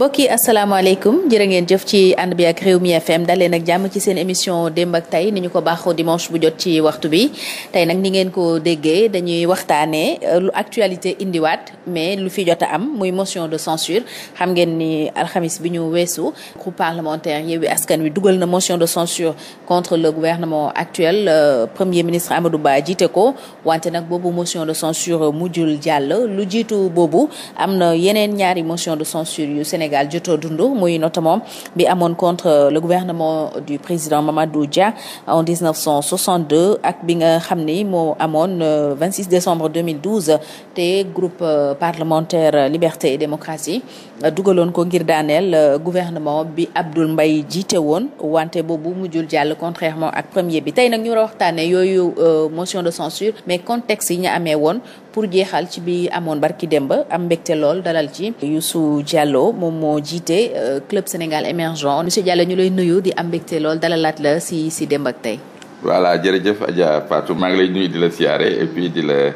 mbokk yi asalaamaaleykum jërë ngeen jëf ci ànd bi ak Rewmi FM dalee nag jàmm ci seen émission démb ak tey ni ñu ko baaxoo dimanche bu jot ci waxtu bi tey nag ni ngeen ko déggee dañuy waxtaanee euh, lu actualité indiwaat mais lu fi jot a am muy motion de censure xam ngeen ni alxamis bi ñu weesu groupe parlementaire Yewwi Askan Wi dugal na motion de censure contre le gouvernement actuel euh, premier ministre Amadou Ba jiite ko wante nag boobu motion de censure mujjul jàll lu jiitu boobu am na yeneen ñaari motion de censure yu Sénégal jotoo dund muy notamment bi amoon contre le gouvernement du président Mamadou Dia en 1962 ak bi nga xam ni moo amoon 26 euh, décembre 2012 te groupe euh, parlementaire liberté et démocratie euh, dugaloon ko ngir daaneel gouvernement bi Abdoul Mbaye jiite woon wante boobu mujjul jàll contrairement ak premier bi tey nag ñu war waxtaanee yooyu motion de censure mais contexte yi ñu amee woon pour jeexal ci bi amoon barki démb am mbégte lool dalal ci Youssou Diallo moom moo jiite euh, club Sénégal émergent monsieur Diallo ñu lay nuyu di am mbégte lool dalalaat la si si démb ak tey. voilà jërëjëf Adja Fatou maa ngi lay nuyu di la siyaare et puis di la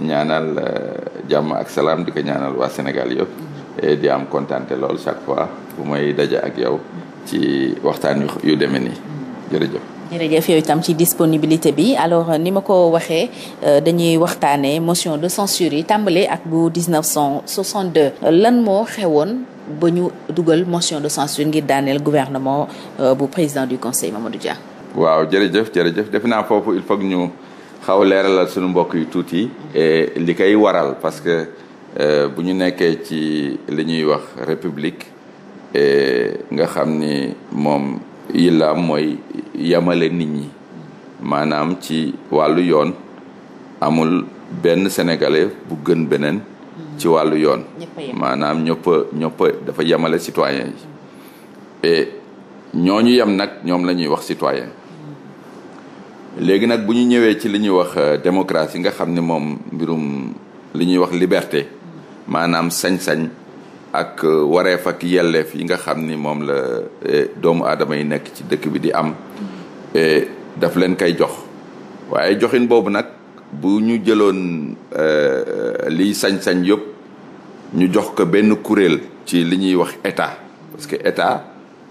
ñaanal euh, jàmm ak salaam di ñaanal waa Sénégal yëpp. Mm-hmm. et di am kontante lool chaque fois bu may daje ak yow ci waxtaan yu demee nii mm-hmm. jërëjëf. jërëjëf yow itam ci disponibilité bi alors ni ma ko waxee euh, dañuy waxtaanee motion de censure yi tàmbale ak bu 1962 lan moo xewoon. ba ñu dugal motion de censure ngir daaneel gouvernement euh, bu président du conseil Mamadou Dia. waaw jërëjëf jërëjëf defe naa foofu il faut ñu xaw leeralal suñu mbokk yu tuuti. e li koy waral parce que euh, bu ñu nekkee ci li ñuy wax république nga xam ni moom yillaam mooy yamale nit ñi maanaam ci wàllu yoon amul benn sénégalais bu gën beneen. ci wàllu yoon maanaam ñëpp ñëpp dafa yemale citoyen yi et ñooñu yem nag ñoom la ñuy wax citoyen léegi nag bu ñu ñëwee ci li ñuy wax euh, démocratie nga xam ni moom mbirum li ñuy wax liberté maanaam sañ-sañ ak euh, wareef ak yelleef yi nga xam ni moom la euh, doomu aadama yi nekk ci dëkk bi di am daf leen koy jox waaye joxin boobu nag bu ñu jëloon liy sañ-sañ yëpp ñu jox ko benn kuréel ci li ñuy wax état parce que état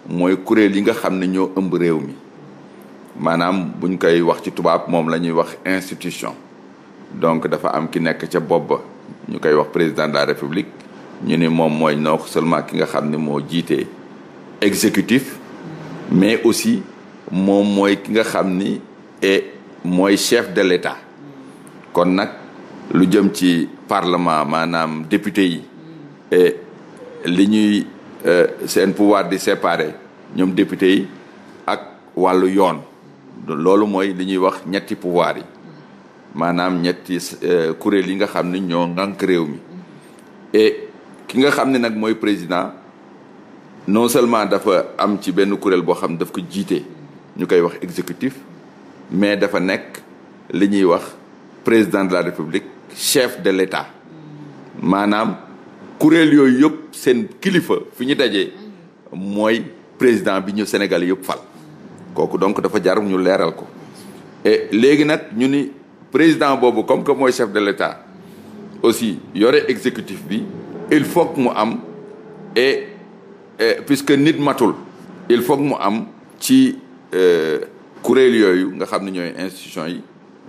mooy kuréel yi nga xam ne ñoo ëmb réew mi maanaam buñ koy wax ci tubaab moom la ñuy wax institution donc dafa am ki nekk ca bopp ba ñu koy wax président de la république ñu ni moom mooy non seulement ki nga xam ne moo jiite exécutif mais aussi moom mooy ki nga xam ni et mooy chef de l'état kon nag lu jëm ci parlement maanaam député yi li ñuy euh, seen pouvoir di séparer ñoom député yi ak wàllu yoon loolu mooy li ñuy wax ñetti pouvoir yi maanaam ñetti euh, kuréel yi nga xam ni ñoo ngànk réew mi e ki nga xam ne nag mooy président non seulement dafa am ci benn kuréel boo xam ne daf ko jiite ñu koy wax exécutif mais dafa nekk li ñuy wax président de la république chef de l'état maanaam kuréel yooyu yëpp seen kilifa fi ñu dajee mooy président bi ñu Sénégal yëpp fal kooku donc dafa jar ñu leeral ko e léegi nag ñu ni président boobu comme que mooy chef de l'État aussi yore exécutif bi il faut que mu am et puisque nit matul il faut mu am ci euh, kuréel yooyu nga xam ne ñooy institution yi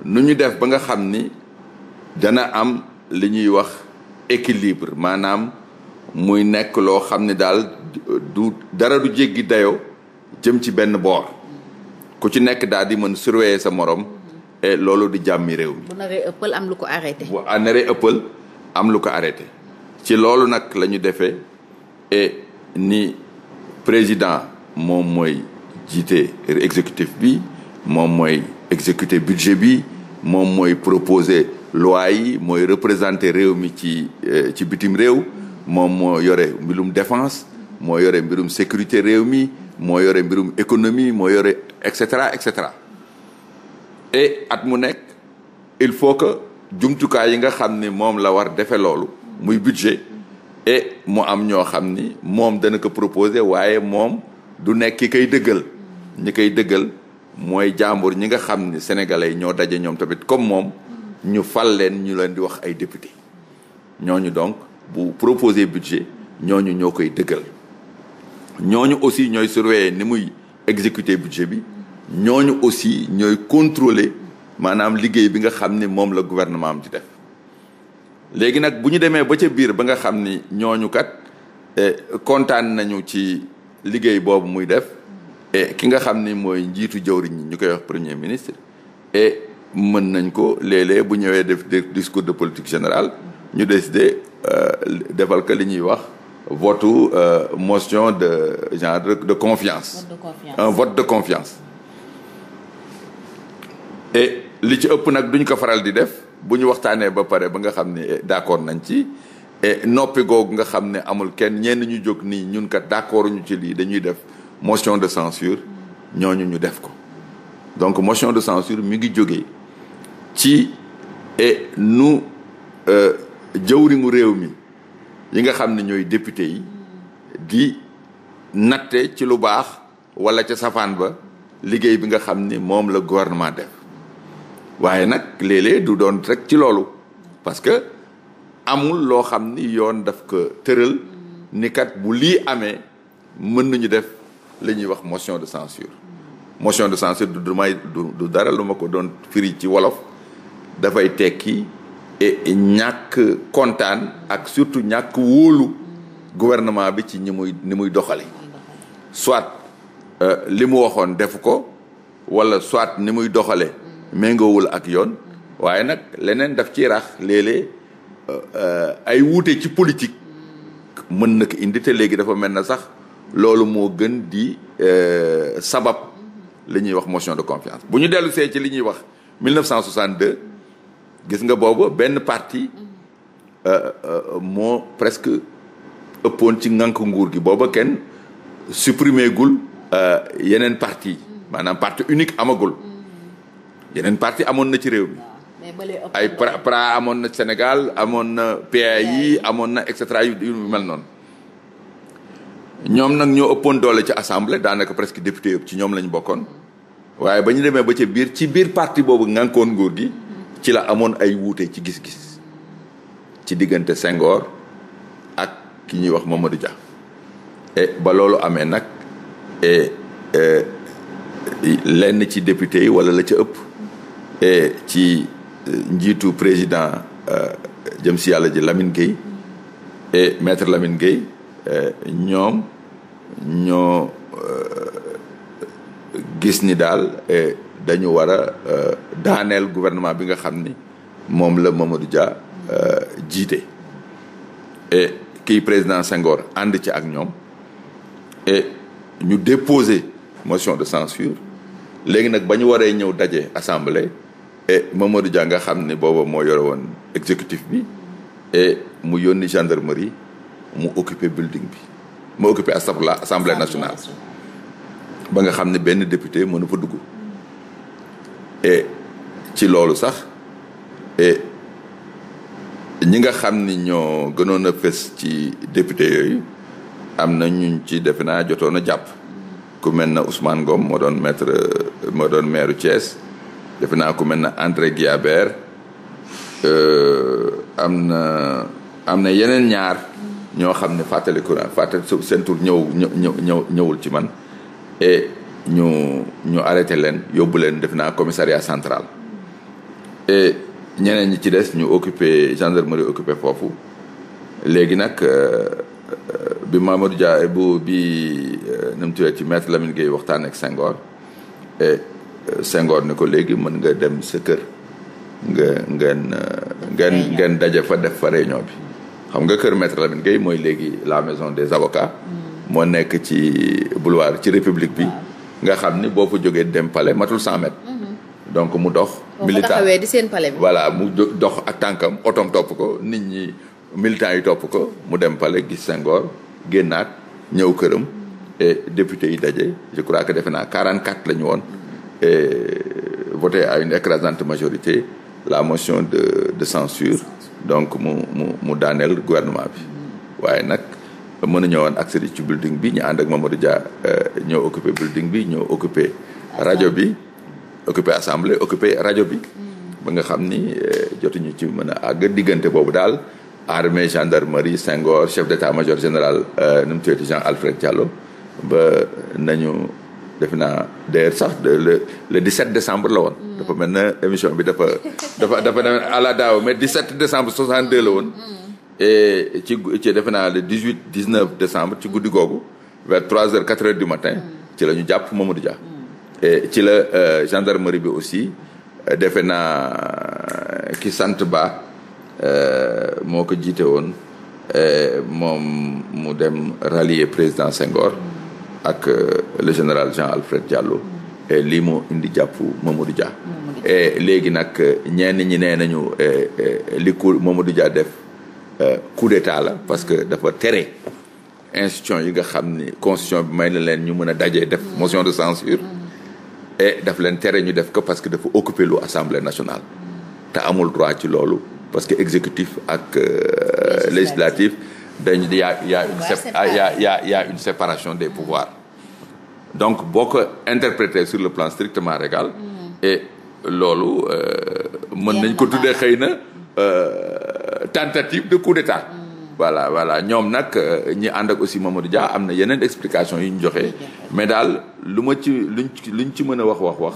nu ñu def ba nga xam ni dana am li ñuy wax équilibre maanaam muy nekk loo xam ne daal du dara du jéggi dayoo jëm ci benn boor ku ci nekk daal di mën surveiller sa morom loolu di jàmmi réew mi. bu naree ëppal am lu ko arrêté. bu naree ëppal am lu ko arrêté ci loolu nag la ñu defee ni président moom mooy jiite exécutif bi moom mooy exécuter budget bi moom mooy proposé loi yi mooy représenté réew mi ci euh, ci bitim réew moom moo yore mbirum défense moo yore mbirum sécurité réew mi moo yore mbirum économie moo yore et cetera et cetera et at mu nekk il faut que jumtukaay yi nga xam ni moom la war defee loolu muy budget et mu am ñoo xam ni moom dana ko proposer waaye moom du nekk ki koy dëggal ñi koy dëggal mooy jàmbur ñi nga xam ni sénégalais ñoo daje ñoom tamit comme moom ñu fal leen ñu leen di wax ay député ñooñu donc bu proposer budget ñooñu ñoo koy dëggal ñooñu aussi ñooy surveiller ni muy exécuter budget bi ñooñu aussi ñooy contrôler maanaam liggéey bi nga xam ni moom la gouvernement am di def léegi nag bu ñu demee ba ca biir ba nga xam ni ñooñu kat eh, kontaan nañu ci liggéey boobu muy def ki nga xam ni mooy njiitu jëwriñ ñi ñu koy wax premier ministre et mën nañ ko léeg-léeg bu ñëwee def discours de politique général ñu décidé euh, defal ko li ñuy wax votu euh, motion de genre de confiance un vote de confiance et li ci ëpp nag duñ ko faral di def bu ñu waxtaanee ba pare ba nga xam ni eh, d'accord nañ ci et noppi googu nga xam ne amul kenn ñenn ñu jóg nii ñun kat d'accord ñu ci lii dañuy def motion de censure ñooñu ñu def ko donc motion de censure mi ngi jóge ci et nu e, jëwriñu réew mi yi nga xam ne ñooy député yi di natte ci lu baax wala ca safaan ba liggéey bi nga xam ni moom la gouvernement def waaye nag léeg-léeg du doon rek ci loolu parce que amul loo xam ni yoon daf ko tëral ni kat bu lii amee mën nañu def la ñuy wax motion de censure motion de censure du du du dara lu ma ko doon firi ci wolof dafay tekki e ñàkk kontaan ak surtout ñàkk wóolu gouvernement bi ci ñi muy ni muy doxale soit euh, li mu waxoon def ko wala soit ni muy doxale méngoowul ak yoon waaye nag leneen daf ci rax léeg-léeg euh, euh, ay wuute ci politique mën na ko indi te léegi dafa mel na sax loolu moo gën di sabab li ñuy wax motion de confiance bu ñu dellu see ci li ñuy wax 1962 gis nga boobu benn parti euh, euh, moo presque ëppoon ci ngànk nguur gi booba kenn supprimer gul euh, yeneen parti maanaam parti unique amagul yeneen parti amoon na ci réew mi ay pra pra amoon na Sénégal amoon na PAI amoon na et cetera yu mel noonu ñoom nag ñoo ëppoon doole ci assemblée daanaka presque député yëpp ci ñoom la ñu bokkoon waaye ba ñu demee ba ca biir ci biir parti boobu ngànkoon nguur gi ci la amoon ay wuute ci gis-gis ci diggante Senghor ak ki ñuy wax Mamadou Dia et ba loolu amee nag lenn ci député yi wala la ci ëpp euh, ci njiitu président euh, jëm si yàlla ji Lamine Gueye et maître Lamine euh, ñoom ñoo gis ni daal dañu war a euh, daaneel gouvernement bi nga xam ni moom la Mamadou Dia euh, jiite et kii président Senghor ànd ci ak ñoom e ñu déposer motion de censure léegi nag ba ñu waree ñëw daje assemblée et Mamadou Dia nga xam ne booba moo yore woon executif bi e mu yónni gendarmerie mu occupé building bi mu occupé assemblée nationale ba nga xam ne benn député mënu fa dugg et ci loolu sax et ñi nga xam ni ñoo gënoon a fës ci député yooyu am na ñu ci defe naa jotoon a jàpp ku mel na Ousmane Ngom moo doon maître moo doon maire Thiès defe naa ku mel na André Guillabert euh, am na am na yeneen ñaar ñoo xam ne fàttaliku naa fàttali seen tur ñëw ñëw ñëw ñëwul ci man et ñu ñu arrêté leen yóbbu leen def naa commissariat central et ñeneen ñi ci des ñu occupé gendarmerie occupé foofu léegi nag euh, euh, bi Mamadou Dia bu bi euh, nu mu tuddee ci maître Lamine Gueye waxtaan ak sengoor e sengoor ni ko léegi mën nga dem sa kër nga ngeen ngeen ngeen daje fa def fa réunion bi xam nga kër maître Lamine Gueye mooy léegi la maison des avocats mm. moo nekk ci boulevard ci république bi nga xam ni boo fa jógee dem pale matul cent mètres. Mhm. donc mu dox. militant di seen palais voilà mu dox ak tànkam otom topp ko nit ñi militants yi topp ko mu dem pale gis Senghor génnaat ñëw këram. Mhm. et député yi daje je crois que defe naa 44 la ñu woon. Mhm. et voté à une écrasante majorité la motion de de censure donc mu mu mu daaneel gouvernement bi waaye nag. mën a ñëwoon accès ci building bi ñu ànd ak Mamadou Dia euh, ñoo occupé building bi ñoo occupé rajo bi occupé assemblée occupé rajo bi mm. ba nga xam ni euh, jotuñu ci mën a àgg diggante boobu daal armée gendarmerie Senghor chef d'état-major général euh, nu mu tuddati Jean Alfred Diallo ba nañu defe naa d'ailleurs sax le le 17 décembre la woon. Mm. dafa mel na émission bi dafa dafa dafa à la daaw mais 17 décembre 62 la woon. Mm. et ci ci defe naa le 18 19 décembre ci guddi googu vers 3 quatre heures du matin mm. ci la ñu jàpp Mamadou Dia. Mm. et ci la euh, gendarmerie bi aussi euh, defe naa euh, ki sant ba moo ko jiite woon moom mu dem rallier président Senghor mm. ak le général Jean-Alfred Diallo et lii moo indi jàpp Mamadou Dia. Mamadou Dia léegi nag ñenn ñi nee nañu li ko Mamadou def. Euh, coup d'état la parce que dafa tere institution yi nga xam ni constitution bi may na leen ñu mën a dajee def motion de censure et daf leen tere ñu def ko parce que dafa occuper lu assemblée nationale te amul droit ci loolu parce que exécutif ak euh, législatif dañ yaa yaa une yaa yaa une séparation des pouvoirs donc boo ko interprété sur le plan strictement légal mm. et loolu euh, mën nañ ko tuddee xëy na Euh, tentative de coup d'état mm. voilà voilà ñoom nag euh, ñi ànd ak aussi Mamadou Dia am na yeneen explication yu ñu joxe mais daal lu ma ci luñ luñ ci mën a wax wax wax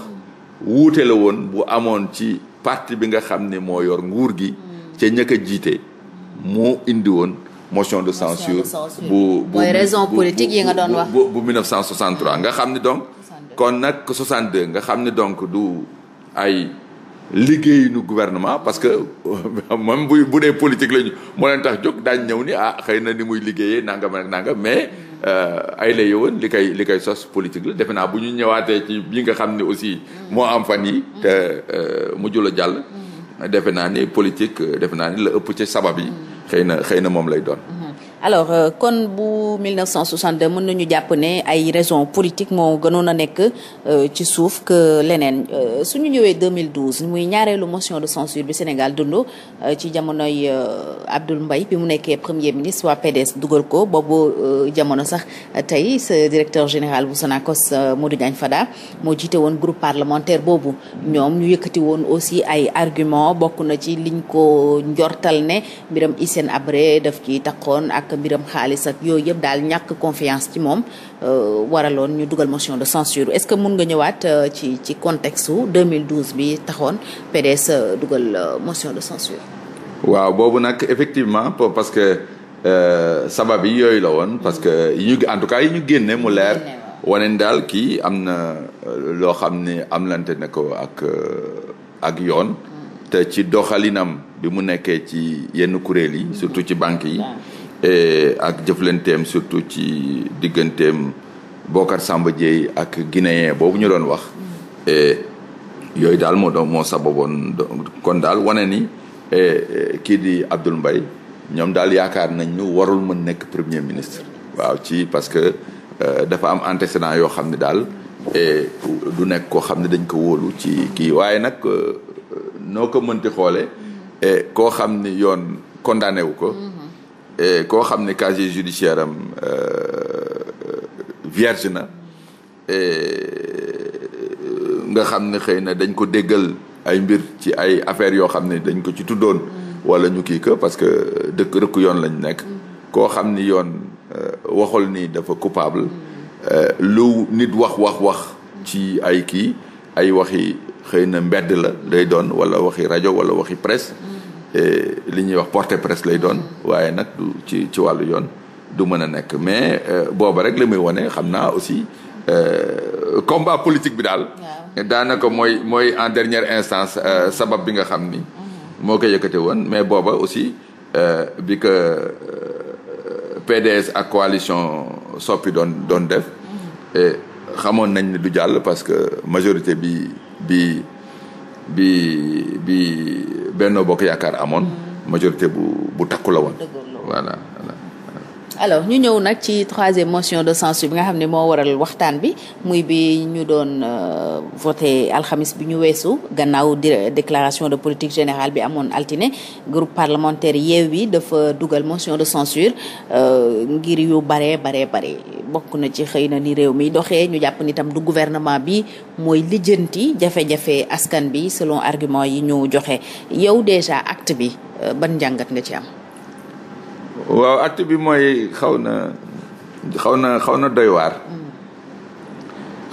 wuute la woon bu amoon ci parti bi nga xam ne moo yor nguur gi mm. cee ñëkk a jiite moo mm. indi woon motion de censure bu bu mooy raison politique yi nga doon wax nga xam ne donc kon nag 62 nga xam ne donc du ay liggéeyinu gouvernement parce que même bu bu dee politique lañu moo leen tax jóg daañ ñëw ni ah xëy na ni muy liggéeyee nangam ak nangam mais euh, ay la yowoon li koy li koy sos politique la defe naa bu ñu ñëwaatee ci bi nga xam ne aussi moo am fan yi te euh, mujjul a jàll defe naa ni politique defe naa ni la ëpp ci sabab yi xëy na xëy na moom lay doon alors euh, kon bu 1962 mën nañu jàpp ne ay raisons politique moo gënoon a nekk euh, ci suuf que leneen euh, suñu ñëwee 2012 muy ñaareelu motion de censure bi Sénégal dund ci jamonoy Abdoul mbay bi mu nekkee premier ministre waa PDS dugal ko boobu jamono sax tey sa directeur général bu Sonacos Modou Diagne Fada moo jiite woon groupe parlementaire boobu ñoom ñu yëkkati woon aussi ay argument bokk na ci liñ ko njortal ne mbiram Hissène Habré def ci taxoon ak mbiram xaalis ak yooyu yëpp daal ñàkk confiance ci moom euh, waraloon ñu dugal motion de censure est-ce que mun nga ñëwaat euh, ci ci contexte su 2012 bi taxoon sa euh, dugal motion de censure waaw boobu nag effectivement parce que sabab yi yooyu la woon parce que yi ñu en tout cas yi ñu génne mu leer waneen daal kii am na loo xam ne am lante na ko ak ak yoon mm. te ci doxalinam bi mu nekkee ci yenn kuréel yi mm. surtout ci banque yi Eh, ak jëflanteem surtout ci digganteem Bocar Samba Dièye ak guinéen boobu ñu doon wax eh, yooyu daal moo doon moo sababoon kon daal wane ni eh, kii di Abdoul Mbaye ñoom daal yaakaar nañ ñu warul mën nekk premier ministre waaw ci parce que dafa am antécédent yoo xam ne daal du nekk koo xam ne dañ ko wóolu ci kii waaye nag noo ko mënti xoole koo xam ni yoon condamné wu ko mm. et eh, koo xam ne casier judiciaire am euh, euh, vierge na eh, nga xam ne xëy na dañ ko déggal ay mbir ci ay affaires yoo xam ne dañ ko ci tuddoon wala ñu kii que parce que dëkk rëkku yoon lañ nekk koo xam ni yoon euh, waxul ni dafa coupable lu nit wax wax wax ci ay kii ay waxi xëy na mbedd la day doon wala waxi rajo wala waxi presse Eh, li ñuy wax porté presque lay doon waaye nag ci ci wàllu yoon du mën a nekk mais euh, booba rek li muy wane xam naa aussi euh, combat politique bi daal daanaka mooy mooy en dernière instance euh, sabab bi nga xam ni mhm. moo ko yëkkate woon mais booba aussi bi que PDS ak coalition soppi doon doon def mhm. eh, xamoon nañ ne du jàll parce que majorité bi bi bi bi Benno Bokk Yaakaar amoon majorité bu bu takku la woon alors ñu ñëw nag ci troisième motion de censure bi nga xam ne moo waral waxtaan bi muy bi ñu doon euh, voté alxamis bi ñu weesu gannaaw euh, déclaration de politique générale bi amoon altine groupe parlementaire yi dafa dugal motion de censure euh, ngir yu bare bare bare bokk na ci xëy na ni réew mi doxee ñu jàpp ni du gouvernement bi mooy lijjanti jafe-jafe askan bi selon argument yi ñëw joxe yow déjà acte bi ban njàngat nga ci am. waaw acte bi mooy xaw na xaw na xaw na doy waar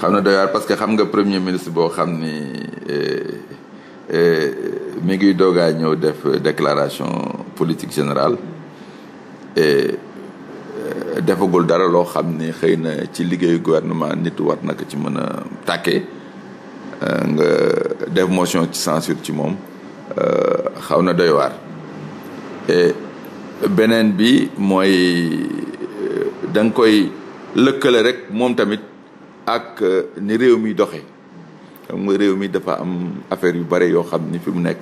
xaw na doy waar parce que xam nga premier ministre boo xam ni eh, eh, mi ngi doogaa ñëw def déclaration politique général e eh, defagul dara loo xam ni xëy na ci liggéeyu gouvernement nit war na ci mën a tàkkee nga def motion ci censure ci moom xaw na doy waar et beneen bi mooy euh, danga koy lëkkale rek moom tamit ak euh, ni réew mi doxe xam réew mi dafa am affaire yu bare yoo xam ni fi mu nekk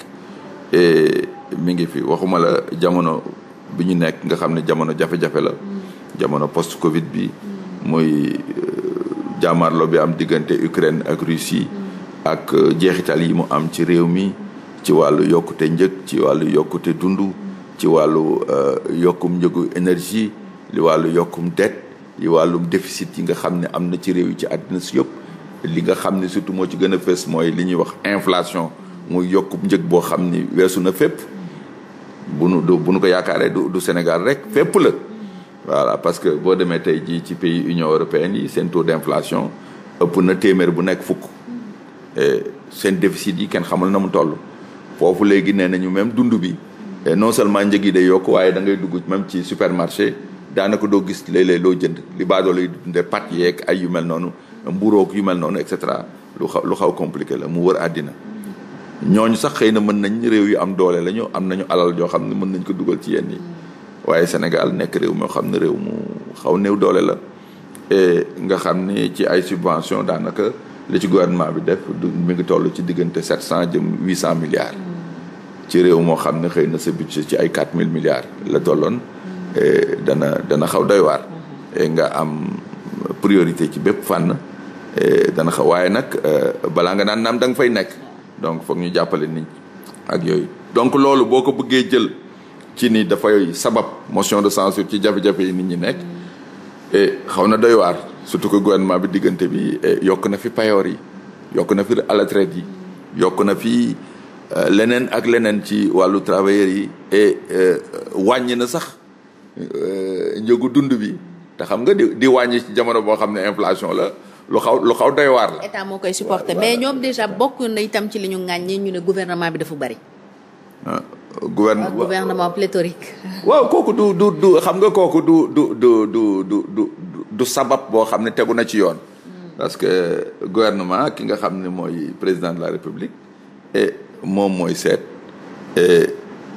eh, mi ngi fi waxuma la jamono bi ñu nekk nga xam ne jamono jafe-jafe la jamono post Covid bi muy euh, jaamarlo bi am diggante Ukraine ak Russie ak jeexital yi mu am ci réew mi ci wàllu yokkute njëg ci wàllu yokkute dund ci wàllu euh, yokkum njëgu énergie li wàllu yokkum dette li wàllum déficit yi nga xam ne am na ci réew yi ci àddina si yëpp li nga xam ne surtout moo ci gën a fees mooy li ñuy wax inflation muy yokkum njëg boo xam ni weesu na fépp bu nu bu nu ko yaakaaree du du Sénégal rek fépp la voilà parce que boo demee tey jii ci pays Union européenne yi seen taux d'inflation ëpp na téeméer bu nekk fukk seen déficit yi kenn xamul na mu toll foofu léegi nee nañu même dund bi et non seulement njëg yi day yokk waaye da ngay dugg même ci supermarché daanaka doo gis léeg-léeg loo jënd li baadoo lay dundee pâtes yeeg ay yu mel noonu mburoog yu mel noonu et cetera lu xaw lu xaw compliqué la mu wër àddina. ñooñu sax xëy na mën nañ réew yu am doole lañu am nañu alal yoo xam ne mën nañ ko dugal ci yenn yi waaye Sénégal nekk réew moo xam ne réew mu xaw néew doole la. et nga xam ni ci ay subvention daanaka li ci gouvernement bi def du mi ngi toll ci diggante sept cent jëm huit cent milliards. ci réew moo xam ne xëy na sa budget ci ay quatre mille milliards la tolloon eh, dana dana xaw doy waar eh, nga am priorité ci bépp fànn eh, dana xaw waaye nag balaa nga naan naam da nga fay nekk donc foog ñu jàppale nit ak yooyu donc loolu boo ko bëggee jël ci ni dafay sabab motion de censure ci jafe-jafe yi nit ñi nekk xaw na doy waar surtout que gouvernement bi diggante bi yokk na fi payoor yi yokk na fi à la traite yi yokk na fi Euh, leneen ak leneen ci wàllu travailleurs yi e wàññi na sax euh, njëgu dund bi te xam nga di di wàññi ci jamono boo xam ne inflation la lu xaw lu xaw doy waar la. état moo koy supporter mais ñoom déjà bokk na itam ci li ñu ŋàññee ñu ne gouvernement bi dafa bari. Ah, gouvernement gouvernement pléthorique. waaw kooku du du xam nga kooku du du du du du du du sabab boo xam ne tegu na ci yoon. Hmm. parce que gouvernement ki nga xam ne mooy président de la république et. moom mooy seet eh,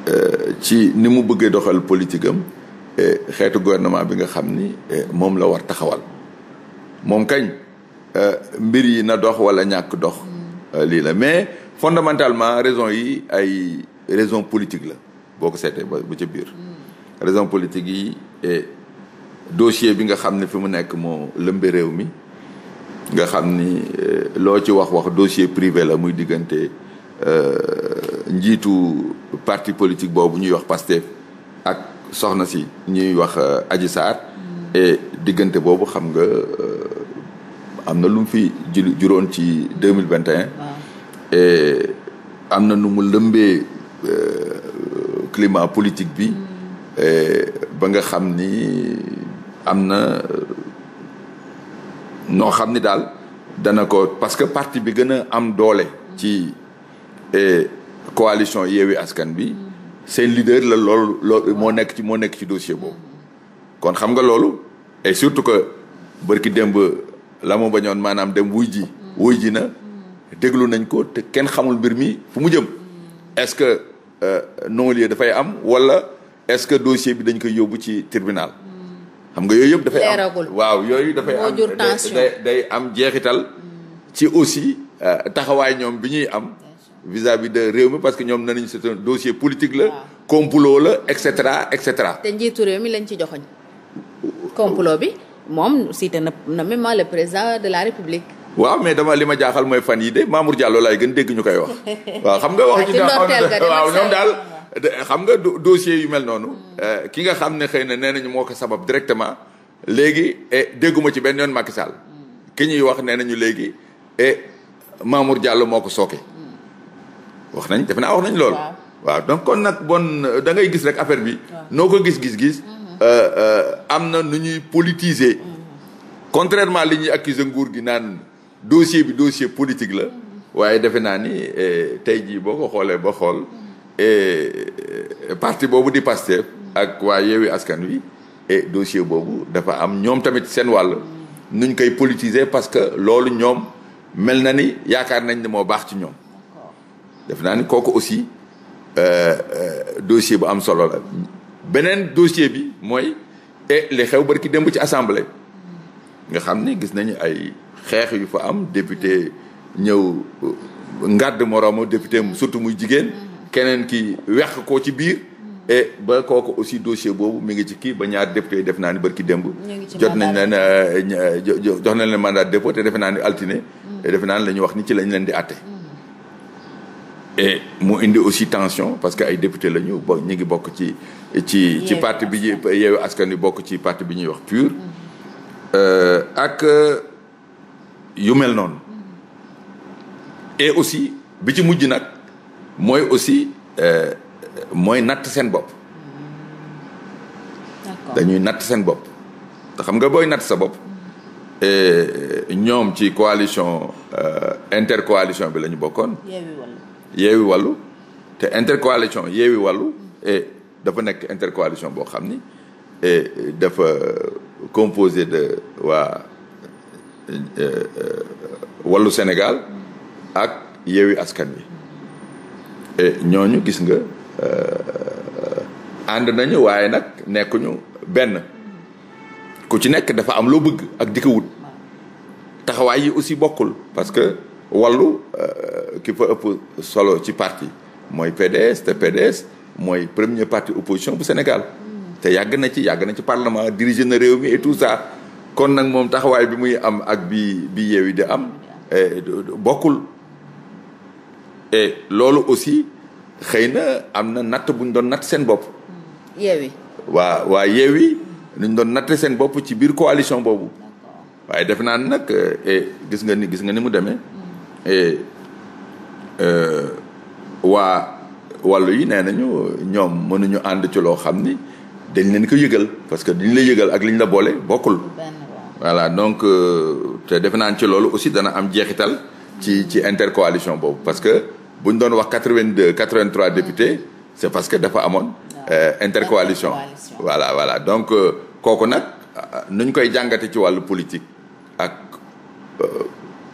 eh, ci ni mu bëggee doxal politique am eh, xeetu gouvernement bi nga xam ni moom la war taxawal moom kañ mbir yi na dox wala ñàkk dox mm. lii la mais fondamentalement raison yi ay raison politique la boo ko seetee ba ca biir mm. raison politique yi dossier bi nga xam ne fi mu nekk moo lëmbe réew mi nga xam ni loo ci wax wax dossier privé la muy diggante Euh, njiitu parti politique boobu ñuy wax Pastef ak soxna si ñuy wax euh, Adji Sarr mm. et diggante boobu xam nga euh, am na lu mu fi juróon ci deux mille vingt et un ah. am na nu mu lëmbee climat politique bi mm. ba nga xam ni am na noo xam ni daal dana ko parce que parti bi gën a am doole ci et coalition Yewwi Askan bi seen leader la lool loolu moo nekk ci moo nekk ci dossier boobu kon xam nga loolu et surtout que bërki démb la mu bañoon maanaam dem wuy ji wuy ji na déglu nañ ko te kenn xamul mbir mi fu mu jëm est-ce que euh, non-lieu dafay am walla est-ce que dossier bi dañ koy yóbbu ci tribunal xam nga yooyu yëpp dafay am waaw yooyu dafay am day am jeexital ci aussi euh, taxawaay ñoom bi ñuy am vis-à-vis de réew mi parce que ñoom nañu c'est un dossier politique la. complot la et cetera et cetera. te njiitu réew mi lañ ci joxoñ complot bi moom cité na nommément le président de la république. waaw mais dama li ma jaaxal mooy fan yi de Mamour Diallo laay gën dégg ñu koy wax. waaw xam nga wax ci waaw ñoom daal. xam nga dossier yu mel noonu. Hmm. Eh, ki nga xam ne xëy na nee nañu moo ko sabab directement. léegi eh, dégguma ci benn yoon Macky hmm. ki ñuy wax nee nañu léegi et eh, Mamour Diallo moo ko sooke. Hmm. wax nañ defe naa wax nañ lool waaw donc kon nag bon da ngay gis rek affaire bi. noo ko gis gis gis. am na nu ñuy politiser. Mhm. contrairement li ñuy accuser nguur gi naan dossier bi dossier politique la. Mhm. waaye defe naa ni euh, tey jii boo ko xoolee ba xool. Mhm. Euh, parti boobu di Pastef ak waa wi Askan Wi. et dossier boobu dafa am ñoom tamit seen wàll. nuñ koy politiser parce que loolu ñoom mel na ni yaakaar nañ ne moo baax ci ñoom. def naa ni kooku aussi euh, euh, dossier bu am solo la beneen dossier bi mooy et li xew bari ki démb ci assemblée nga xam ni gis nañu ay xeex yu fa am député ñëw ngàdd moroomu député surtout muy jigéen keneen ki weq ko ci biir et ba kooku aussi dossier boobu mu ngi ci kii ba ñaar député def naa ni bërki demb jot nañ leen euh, jox nañ leen mandat de dépôt te defe naa ni altine mm. defe naa ni la ñu wax ni ci lañ leen di àtte et mu indi aussi tension parce que ay député la ñu bo ñu ngi bokk ci ci ci parti bi ñu yeewu askan wi bokk ci parti bi ñuy wax pur mm-hmm. euh, ak euh, yu mel noonu mm-hmm. et aussi bi ci mujj nag mooy aussi euh, mooy natt seen bopp mm-hmm. dañuy natt seen bopp te xam nga booy natt sa bopp e ñoom ci coalition intercoalition bi la bokkoon yeewi wàllu te intercoalition yeewi wàllu et dafa nekk intercoalition boo xam ni dafa composé de waa euh, wàllu Sénégal ak yeewi askan wi et ñooñu gis nga euh, ànd nañu waaye nag nekkuñu benn ku ci nekk dafa am loo bëgg ak di taxawaay yi aussi bokkul parce wallu euh, ki fa ëpp solo ci parti mooy PDS te PDS mooy premier parti opposition bu Sénégal mm. te yàgg na ci yàgg na ci parlement dirigé na réew mi et tout ça kon nag moom taxawaay bi muy am ak bi bi yi di am eh, bokkul et loolu aussi xëy na am na natt buñ doon natt seen bopp mm. Yewwi waa waa Yewwi nu doon natt seen bopp ci biir coalition boobu waaye def naa nag eh, gis nga ni gis nga ni mu demee mm. Euh, waa wàllu yi nee nañu ñoom mënuñu ànd ci loo xam ni dañ leen ko yëgal parce que dañ la yëgal ak liñ la boole bokkul. voilà donc euh, te defe naan ci loolu aussi dana am jeexital ci ci intercoalition boobu parce que bu buñ doon wax quatre vingt deux quatre vingt trois députés c' est parce que dafa amoon. Euh, intercoalition voilà voilà donc kooku nag nuñ koy jàngate ci wàllu politique ak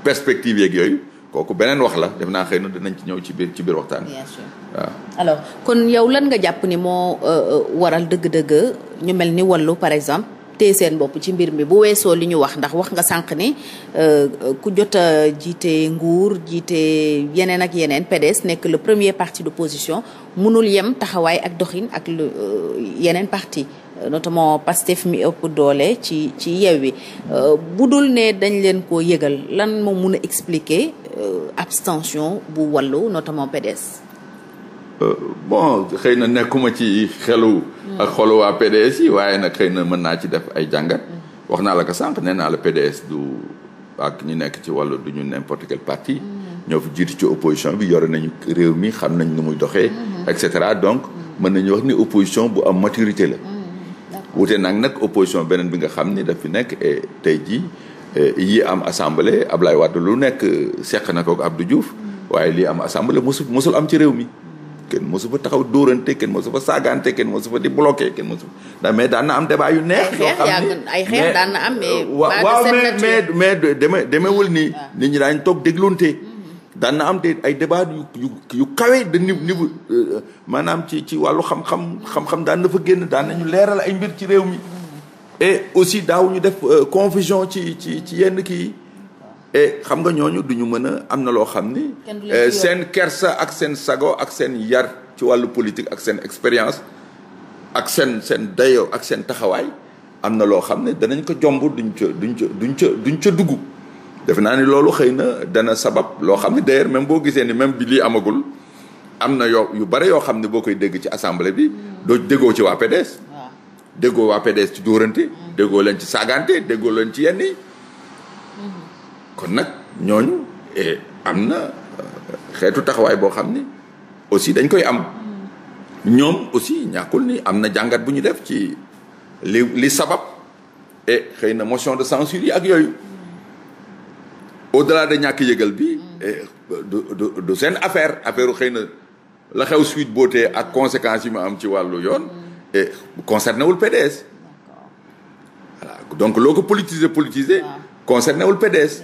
perspective yeeg yooyu. kooku beneen wax la def naa xëy na dinañ ci ñëw ci biir ci biir waxtaan bien sûr kon yow lan nga jàpp ni moo euh, euh, waral dëgg-dëgg ñu mel ni wallu par exemple tey seen bopp ci mbir mi bu weesoo li ñu wax ndax wax nga sànq ni euh, ku jot a jiite nguur jiite yeneen ak yeneen PDS nekk le premier parti position mënul yem taxawaay ak doxin ak yeneen parti notamment Pastef mi ëpp doole ci ci Yewwi euh, bu dul ne dañ leen koo yëgal lan moom mun a expliquer euh, abstention bu wàllu notamment PDS. Euh, bon xëy na nekkuma ci xelu. Hmm. ak xolu waa PDS yi waaye nag xëy na mën naa ci def ay jàngat. Hmm. wax naa la ko sànq nee naa la PDS du ak ñi nekk ci wàllu du ñu n'importe quel parti. Hmm. ñoo fi jiitu ci opposition bi yore nañu réew mi xam nañ nu muy doxee. et cetera donc mën nañu wax ni opposition bu am maturité la. wute nag nag opposition beneen bi nga xam ni daf fi nekk et tey jii yi am assemblée Ablaye Wade lu nekk seq na ko ab du Diouf waaye lii am assemblée mosu mosul am ci réew mi kenn mosu fa taxaw dóorante kenn mosu fa saagaante kenn mosu fa di bloqué kenn mosu fa mais daan na am débat yu neex. yoo xam ay xeex daan na am mais. waaw mais mais deme demewul ni nit ñi daañu toog déglunte. daan na am de ay débat yu yu yu kawe de niveau maanaam ci ci wàllu xam-xam xam daan na fa génn daan nañu leeral ay mbir ci réew mi. e aussi daaw ñu def euh, confusion ci ci ci yenn kii et xam nga ñooñu duñu mën a am na loo xam ni. Euh, seen kersa ak seen sago ak seen yar ci wàllu politique ak seen expérience ak seen seen dayoo ak seen taxawaay am na loo xam ne danañ ko jomb duñ ca duñ ca duñ ca duñ ca dugg. defe naa ni loolu xëy na dana sabab loo xam ne d'ailleurs même boo gisee ni même bi lii amagul am na yoo yu bare yoo xam ne boo koy dégg ci assemblée bi doo déggoo ci waa PDS déggoo waa PDS ci dóorante mm. déggoo leen ci saagante déggoo leen ci yenn mm-hmm. kon nag ñooñu eh, am na euh, xeetu taxawaay boo xam ni aussi dañ koy am mm. ñoom aussi ñàkkul ni am na jàngat bu ñu def ci li li sabab et eh, xëy na motion de censure yi ak yooyu au-delà de ñàkk yëgal bi mm. eh, du du seen affaire affaire xëy na la xew Sweet Beauté ak conséquence yu mu am ci wàllu yoon mm. et eh, concerné wul PDS donc loo ko politiser politiser ah. concerné wul PDS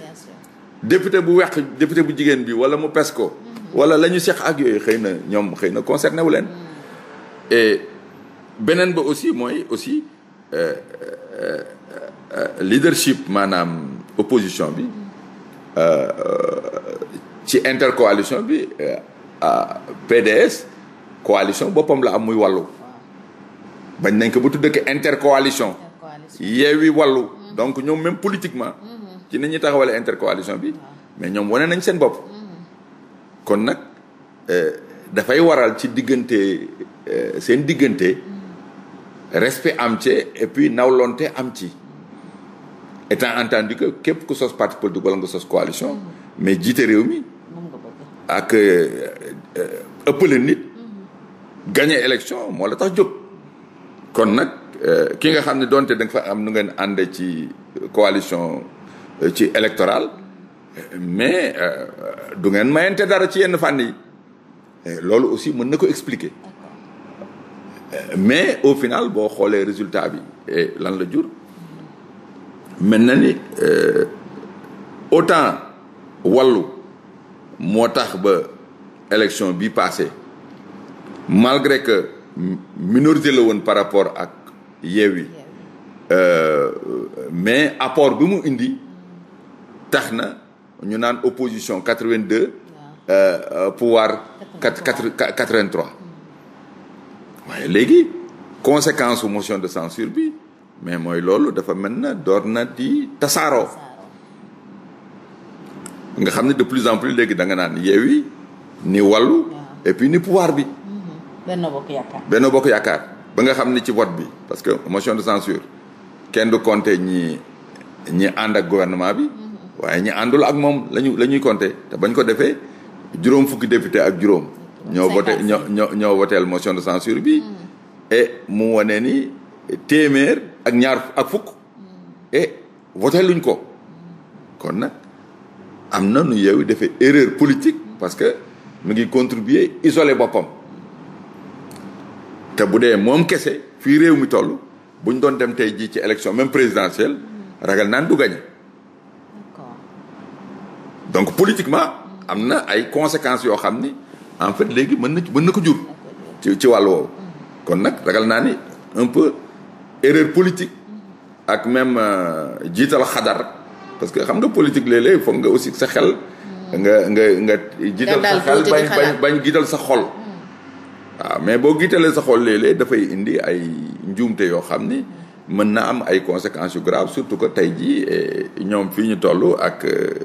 bu weq député bu jigéen bi wala mu pes ko mm-hmm. wala lañu ñu seq ak yooyu xëy na ñoom xëy na concerné wu leen mm. et beneen ba aussi mooy aussi euh, euh, euh, leadership maanaam opposition bi mm-hmm. ci intercoalition bi euh, PDS coalition boppam la am muy wàllu bañ nañ ko ba tuddee ko intercoalition yeewi wàllu mm-hmm. donc ñoom même politiquement mm-hmm. ci ni ñuy taxawalee intercoalition bi mais ñoom wane nañ seen bopp mm-hmm. kon nag euh, dafay waral ci diggante euh, seen diggante respect am ci et puis nawlonte am ci étant entendu que képp ku sos parti politique wala nga sos coalition mais jiite réew mi ak euh, euh, ëppale nit gagné élection moo la tax jóg kon nag euh, ki nga xam ne doonte da nga fa am nu ngeen ànd ci coalition ci électoral mais du ngeen mayante dara ci yenn fànn yi loolu aussi mën na ko expliquer mais au final boo xoolee résultat bi lan la jur mel na ni euh, autant wàllu moo tax ba élection bi passé malgré que minorité la woon par rapport ak Yewwi euh, mais apport bi mu indi tax na ñu naan opposition 82 euh, pouvoir 83 waaye léegi conséquence u motion de censure bi mais mooy loolu dafa mel na door na di tasaaroo nga xam ne de plus en plus léegi da nga naan Yewwi ni Wallu et puis ni pouvoir bi mm-hmm. Benno Bokk Yaakaar Bokk Yaakaar ba nga xam ni ci vote bi parce que motion de censure kenn du compter ñi ñi ànd ak gouvernement bi mm-hmm. waaye ñi àndul ak moom lañu la ñuy compter te bañ ko defee juróom fukki député ak juróom ñoo voté ñoo ñoo ñoo voteel motion de censure bi mm. et mu wanee ni téeméer ak ñaar ak fukk et eh, voté ko kon nag am na nu Yewwi defee erreur politique parce que mu ngi contribuer isole boppam te bu dee moom kese fii réew mi toll bu ñu doon dem tey jii ci élection même présidentielle ragal naan du gagné donc politiquement am na ay conséquences yoo xam ni en fait léegi mën na mën na ko jur ci ci wàll woowu kon nag ragal naa ni un peu erreur politique ak même euh, jiital xadar parce que xam nga politique léeg-léeg foog nga aussi sa xel nga nga nga jiital sa xel bañ bañ bañ jiital sa xol hmm. waaw mais boo giitalee sa xol léeg-léeg dafay indi ay njuumte yoo xam ni mën na am ay conséquences yu graves surtout que tey jii eh, ñoom fii ñu toll ak eh,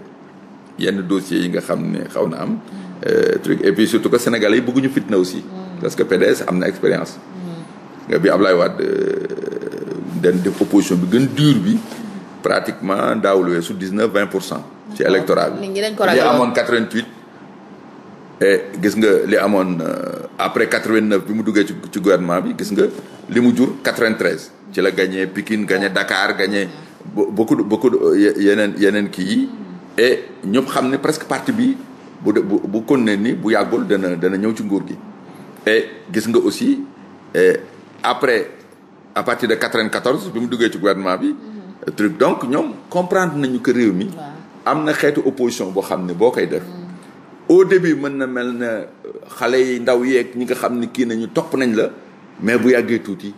yenn dossiers yi nga xam ne xaw na am eh, truc et puis surtout que sénégal yi bëgguñu fitna aussi hmm. parce que PDS am na expérience hmm. nga bi Ablaye Wade euh, den def proposition bi gën dur bi pratiquement daawul weesu dix pour cent. ci électorat bi ah, li amoon quatre eh, gis nga li amoon euh, après quatre bi mu duggee ci ci gouvernement bi gis nga li mu jur ci la treize ci la gagné Pikine gagné Dakar gagné beaucoup beaucoup yeneen yeneen kii yi et ñëpp xam ne presque partie bi bu bu bu kon ne ni bu yàggul dana dana ñëw ci nguur gi et gis nga aussi. Eh, après à partir de 94 bi mu duggee ci gouvernement bi. truc donc ñoom comprendre nañu kër réew mi. am na xeetu opposition boo xam ne boo koy def. Mm. au début mën na mel na euh, xale yi ndaw yeeg ñi nga xam ni kii nañu topp nañ la mais bu yàggee tuuti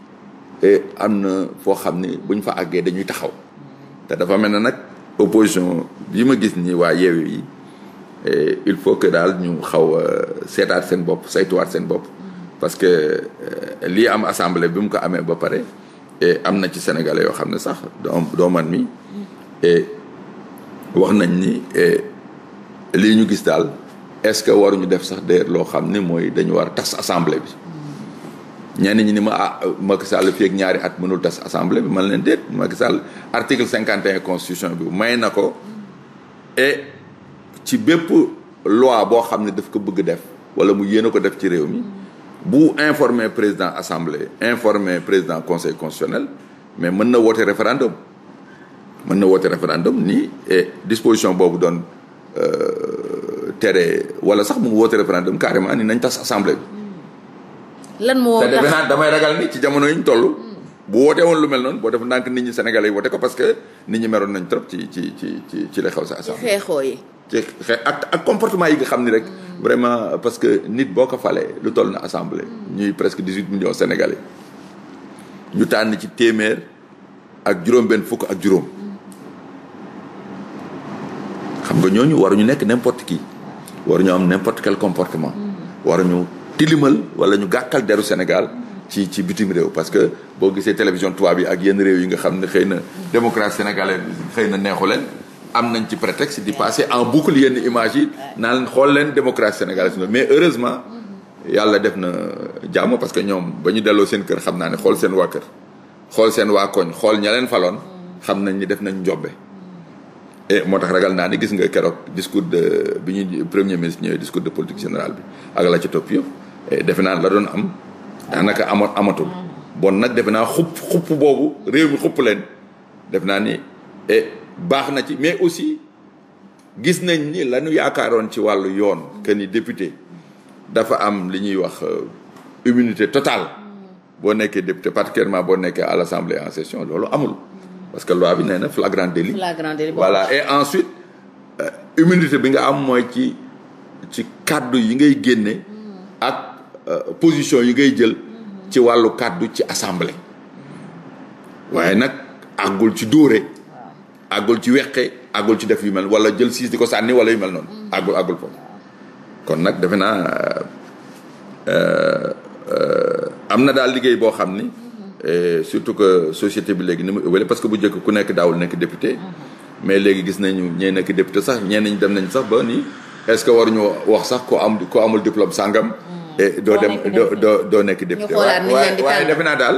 am na foo xam ne bu fa àggee dañuy taxaw mm. te dafa mel na nag opposition bi ma gis nii waa yeew yi il faut que daal ñu xaw a seetaat seen bopp saytuwaat seen bopp. parce que euh, lii am assemblée bi mu ko amee ba pare am na ci sénégalais yoo xam ne sax doo doo man mi wax nañ ni lii ñu gis daal est-ce que waruñu def sax de loo xam ne mooy dañu war a tas assemblée bi ñenn ñi ni ma ah Macky Sall fii ñaari at mënul tas assemblée bi man leen déet Macky Sall article cinquante et un constitution bi may na ko ci bépp loi boo xam ne daf ko bëgg def wala mu yéene ko def ci réew mi bu informer président assemblée informer président conseil constitutionnel mais mën na woote référendum mën na woote référendum nii et disposition boobu doon euh, tere wala sax mu woote référendum carrément ni nañ tas assemblée bi. lan moo tax damay ragal ni ci jamono yi ñu bu wootee woon lu mel noonu boo def ndànk nit ñi Sénégalais yi woote ko parce que nit ñi meroon nañ trop ci ci ci ci ci lay xaw sa assemblée. ci xeexoo yi. ci xeex ak ak comportement yi nga xam ni rek. Mm. vraiment parce que nit boo ko falee lu toll na assemblée. Mm. ñuy presque dix huit millions Sénégalais ñu tànn ci téeméer ak juróom-benn fukk ak juróom. Mm. xam nga ñooñu ñu nekk n'importe war waruñu am n'importe quel comportement. war waruñu tilimal wala ñu gàkkal deru Sénégal. ci ci bitim réew parce que boo gisee télévision tubaab bi ak yenn réew yi nga xam ne xëy na démocratie sénégalaise xëy na neexu leen am nañ ci prétexte di passer en boucle yenn image yi naa leen xool leen démocratie sénégalaise mais heureusement yàlla def na jàmm parce que ñoom ba ñu delloo seen kër xam naa ne xool seen waa kër xool seen waa koñ xool ña leen faloon xam nañ ni def nañ njobbe et moo tax ragal naa ni gis nga keroog discours de bi ñu premier ministre ñëwee discours de politique générale bi ak la ci topp yëpp defe naa la doon am daanaka ama amatul bon nag defe naa xup xupp boobu réew mi xupp leen def naa ni eh, baax na ci mais aussi gis nañ ni la ñu yaakaaroon ci wàllu yoon que ni député dafa am li ñuy wax euh, immunité totale boo nekkee député particulièrement boo nekkee à l'assemblée en session loolu amul parce que loi bi nee na flagrant délit voilà et ensuite euh, immunité bi nga am mooy ci ci kàddu yi ngay génne ak Euh, position yi ngay jël ci wàllu kàddu ci assemblée waaye nag àggul ci dóore àggul ci weqe àggul ci def yu mel wala jël siis di ko sànni wala yu mel noonu mm. àggul àggul foofu kon nag defe naa euh, euh, am na daal liggéey boo xam ni mm-hmm. surtout que société bi léegi ni mu wala parce que bu njëkk ku nekk daawul nekk député mm-hmm. mais léegi gis nañu ñee nekk député sax ñenn nañu dem nañ sax ba nii est-ce que waruñu wax sax ko am ko amul diplôme sàngam Eh, doo dem doo doo nekk député waaye waaye defe naa daal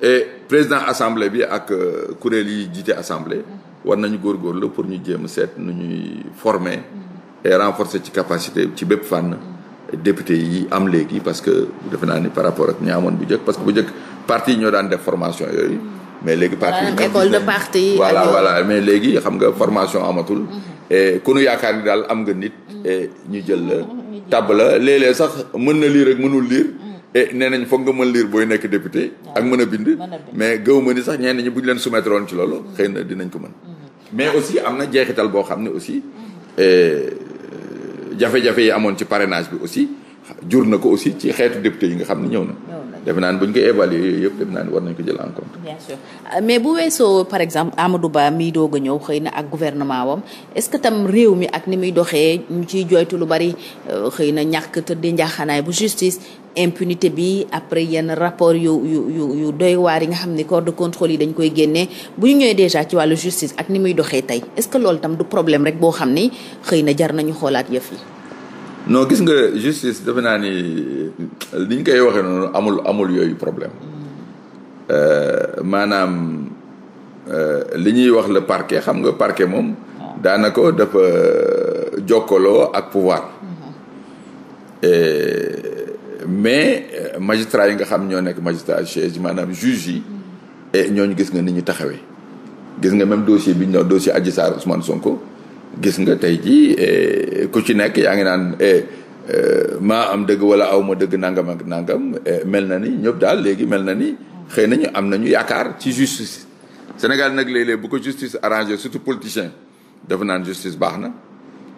e président assemblée bi ak euh, kuréel yi jiite assemblée war nañu góorgóorlu pour ñu jéem seet nu ñuy former mm-hmm. et renforcer ci capacité ci bépp fànn mm-hmm. député yi am léegi parce que defe naa ni par rapport ak ñi amoon bu njëkk parce que bu njëkk parti ñoo daan def formation yooyu mm-hmm. mais léegi parti yi école de voilà voilà mais léegi xam nga formation amatul Eh, ku nu yaakaar ni daal am nga nit mm. eh, ñu jël la tàbb mm, la léeg sax mën na lire rek mënul lire e nee nañ foog nga mën liir booy nekk député ak mën a bind mais gëw ma ni sax ñenn nañu bu ñu leen soumettre woon ci loolu xëy na dinañ ko mën mais ah. aussi am na jeexital boo xam ne aussi jafe-jafe yi amoon ci parrainage bi aussi jur na ko aussi ci xeetu député yi nga xam ne ñëw na def naan bu ñu ko évaluer yooyu yëpp def naan war nañ ko jël en euh, mais bu weesoo par exemple amadu Ba mii doog a ñëw xëy na ak gouvernement wam est-ce que tam réew mi ak ni muy doxee ñu ciy jooytu lu bari euh, xëy na ñàkk tëddee njaaxanaay bu justice. impunité bi après yenn rapport yu yu yu yu doy waar yi nga xam ni corps de contrôle yi dañ koy génnee bu ñu ñëwee déjà ci wàllu justice ak ni muy doxee tey est-ce que loolu tam du problème rek boo xam ni xëy na jar nañu xoolaat yëf yi. non gis nga justice defe naa ni ni ñu koy waxee noonu amul amul yooyu problème euh, maanaam euh, li ñuy wax le parquet xam nga parquet moom. Ah. daanaka dafa euh, jokkaloo ak pouvoir. Mm-hmm. mais magistrat yi nga xam ñoo nekk magistrat chaise maanaam juge yi. Mm-hmm. et ñooñu gis nga ni ñu taxawee. gis nga même dossier bi ñu dossier Adji Sarr Ousmane Sonko. gis nga tey jii eh, ku ci nekk yaa ngi naan eh, eh, maa am dëgg wala aw ma dëgg nangam ak nangam mel na ni ñëpp daal léegi mel na ni xëy nañu am nañu yaakaar ci justice. Sénégal nag léeg-léeg bu ko justice arrangé surtout politicien dafa naan justice baax na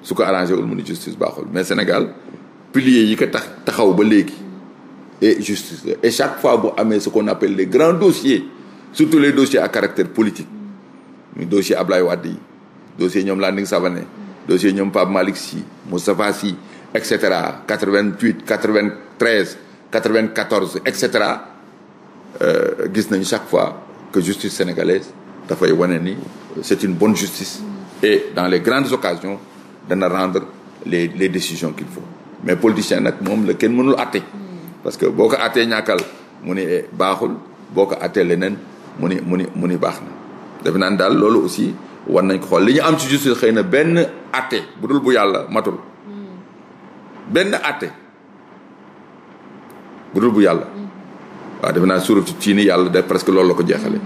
su ko arrangé wul mu ni justice baaxul mais Sénégal piliers yi ko tax taxaw ba léegi et justice la et chaque fois bu amee ce qu'on appelle les grands dossiers surtout les dossiers à caractère politique muy dossier Ablaye Wade dossier ñoom Landing Savané dossier ñoom Pape Malick Sy Moustapha Sy et cetera 88 93 94 et cetera euh, gis nañu chaque fois que justice sénégalaise dafay wane ni c'est une bonne justice et dans les grandes occasions dana rendre les les décisions qu'il faut mais politicien nag moom la kenn mënul atte parce que boo ko àttee ñàkkal mu ni eh, baaxul boo ko àttee leneen mu ni mu ni mu ni baax na def naan daal loolu aussi war nañ ko xool li ñu am ci justice xëy na benn atte bu dul bu yàlla matul benn atte bu dul bu yàlla waa defe naa suratu ci ni yàlla def presque loolu la ko jeexale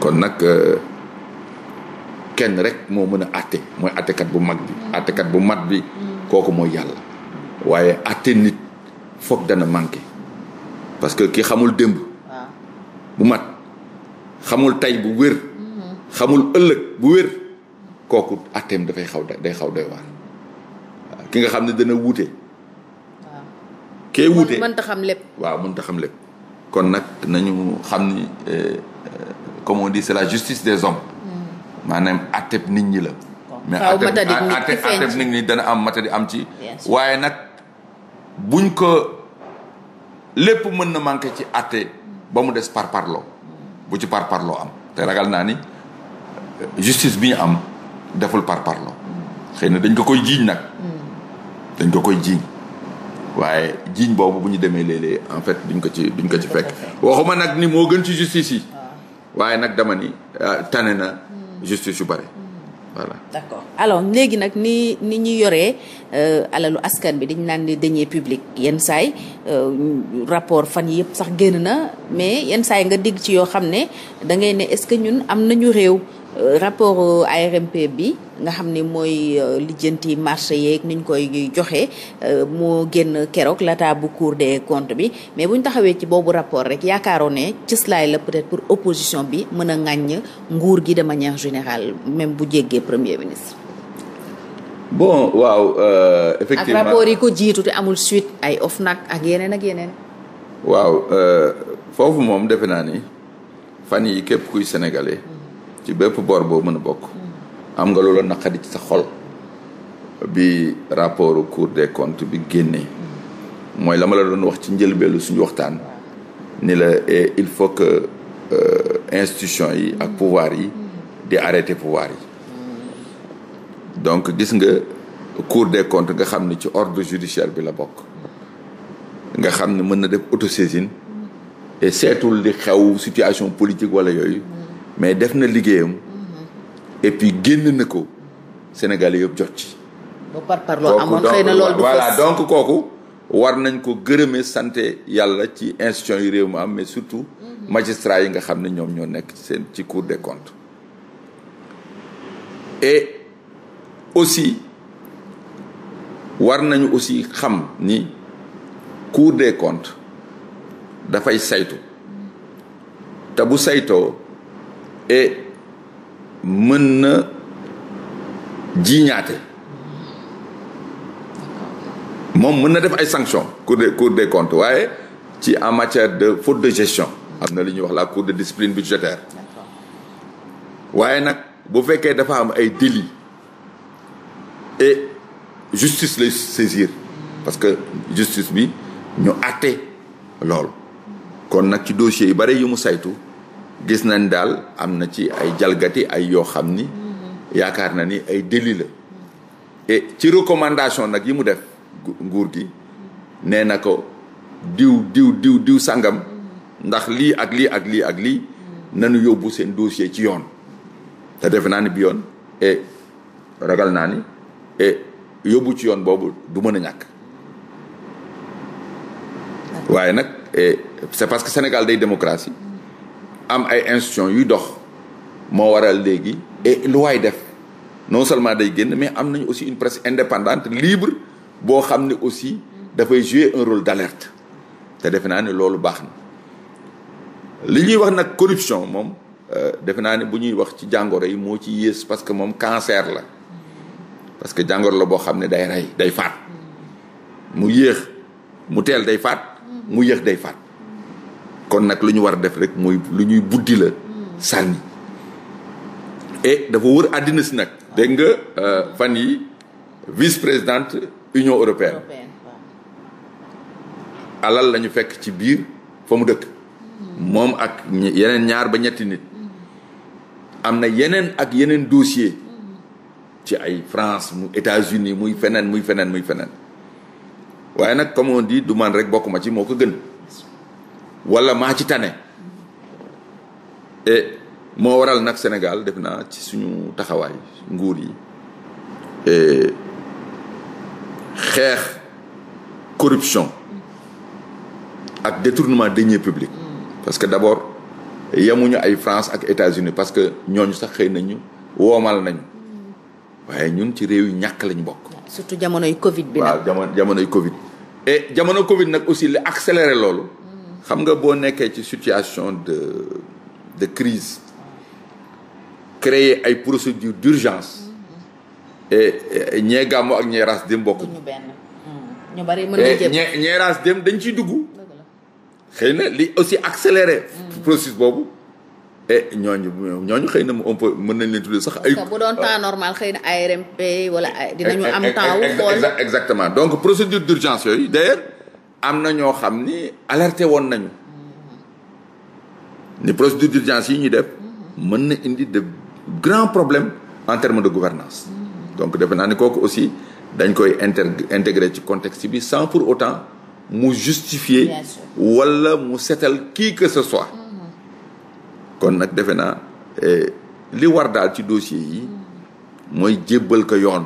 kon nag euh, kenn rek moo mën a atte mooy attekat bu mag bi attekat bu mat bi kooku mooy yàlla waaye atte nit foog dana manqué parce que ki xamul démb bu mat xamul tey bu wér xamul ëllëg bu wér kooku atteem dafay xaw day xaw doy waar ki nga xam ne dana wuute kee wuute mënta xam lépp waaw mënta xam lépp kon nag nañu xam ni eh, eh, comme on dit c'est la justice des hommes hmm. maanaam atteb nit ñi la mais atteb nit ñi dana am di am ci waaye nag buñ ko lépp mën na manqué ci atte ba mu des par parloo bu ci par parloo am te ragal naa ni euh, justice bi ñu am deful par parloo xëy na dañ ko koy jiiñ nag hmm. dañ ko koy jiiñ waaye jiiñ boobu bu ñu demee léeg-léeg en fait duñ ko ci duñ ko ci fekk waxuma nag ni moo gën ci justice yi ah. waaye nag dama ni euh, tane na hmm. justice yu bare voilà d'accord alors léegi nag ni ni ñu yoree euh, alalu askan bi dañ laan ni deniers publics yenn saay euh, rapport fan yi yëpp sax génn na mais yenn saay nga digg ci yoo xam ne da ngay ne est-ce que ñun am nañu réew Euh, rapport ARMP bi nga xam ne mooy euh, lijjanti marché yeeg niñ koy joxe euh, moo génn keroog lataa bu cour des bi mais bu taxawee ci boobu rapport rek yaakaaroon ne cëslaay la peut-être pour opposition bi mën a ŋàññ nguur gi de manière générale même bu jéggee premier ministre. bon waaw euh, effectivement ak rapport yi ko jiitu te amul suite ay nag ak yeneen ak yeneen. waaw foofu moom defe naa ni fan yi képp kuy sénégalais. ci bépp boor boo mën a bokk am nga loola naqari ci sa xol bi rapport Cour des comptes bi génnee mooy lama la doon wax ci njëlbeelu suñu waxtaan ni la et eh, il faut que euh, institution yi ak pouvoir yi di arrêter pouvoir yi donc gis nga Cour des comptes nga xam ni ci ordre judiciaire bi la bokk nga xam ne mën na def autosaisine et seetul li xew situation politique wala yooyu mais def na liggéeyam mm-hmm. et puis génn na ko Sénégalais yëpp jot ci. ba par parloo amoon voilà donc kooku war nañ ko gërëme santé yàlla ci institution yi réew mi am mais surtout mm-hmm. magistrats yi nga xam ne ñoom ñoo nekk seen ci cour des comptes et aussi war nañu aussi xam ni cour des comptes dafay saytu mm-hmm. te bu saytoo et mën na jiiñaate moom mën na def ay sanctions cour des cour des comptes waaye ci en matière de faute de gestion am na li ñuy wax la cour de discipline budgétaire waaye nag bu fekkee dafa am ay délits e justice lay saisir parce que justice bi ñu àtte loolu kon nag ci dossier yi bare yi mu saytu gis nañ daal am na ci ay jalgati ay yoo xam ni yaakaar na ni ay délit la ci recommandation nag yi mu def nguur gi nee na ko diw diw diw diw sangam ndax lii ak lii ak lii ak lii nanu yóbbu seen dossier ci yoon te defe naa ni bi yoon et ragal naa ni et yóbbu ci yoon boobu du mën a ñàkk waaye nag c'est parce que Sénégal day démocratie am ay institutions yuy dox moo waral léegi et lu waay def non seulement day génn mais am nañu aussi une presque indépendante libre boo xam ne aussi dafay jouer un rôle d'alerte te defe naa ne loolu baax na li ñuy wax nag corruption moom euh, defe naa ne bu ñuy wax ci jàngoro yi moo ci yées parce que moom cancer la parce que jàngoro la boo xam ne day rey day faat mu yéex mu teel day faat mu yéex day faat kon nag lu ñu war a def rek mooy lu ñuy buddi la sànni et dafa wër àddina si nag dégg nga euh, fan yi vice présidente union européenne alal la ñu fekk ci biir fa mu dëkk hmm. moom ak yeneen ñaar ba ñetti nit hmm. am na yeneen ak yeneen dossier hmm. ci ay France mu États-Unis muy feneen muy feneen muy feneen waaye nag comme on dit du man rek bokk ma ci moo ko gën wala maa ci tane eh, moo waral nag Sénégal def naa ci suñu taxawaay nguur yi eh, xeex corruption ak détournement deniers publics parce que d'abord yemuñu ay France ak États-Unis parce que ñooñu sax xëy nañu woomal nañu waaye ñun ci réew yu ñàkk lañu bokk. surtout jamonoy Covid bi nag jamonoy Covid. et jamono Covid nag aussi li accéléré loolu. xam nga boo nekkee ci situation de de crise créer ay procédure d'urgence mm-hmm. et ñee gàmmu ak ñee ras dem bokk mm. ñu bari mën na jëm ñee dem dañ ciy dugg xëy na li aussi accéléré mm. processus boobu et ñooñu ñooñu xëy na on peut mën nañ leen tuddee sax ay bu doon temps normal xëy na ARMP wala dinañu am temps exactement donc procédure d'urgence yooyu d'ailleurs am na ñoo xam ni alerté woon nañu ni procédure d'urgence yi ñu def mën na indi de grands problème en termes de gouvernance donc defe naa ni kooku aussi dañ koy intégré ci contexte bi sans pour autant mu justifier wala mu setal qui que ce soit kon nag defe naa eh, li war daal ci dossier yi mooy jébbal ko yoon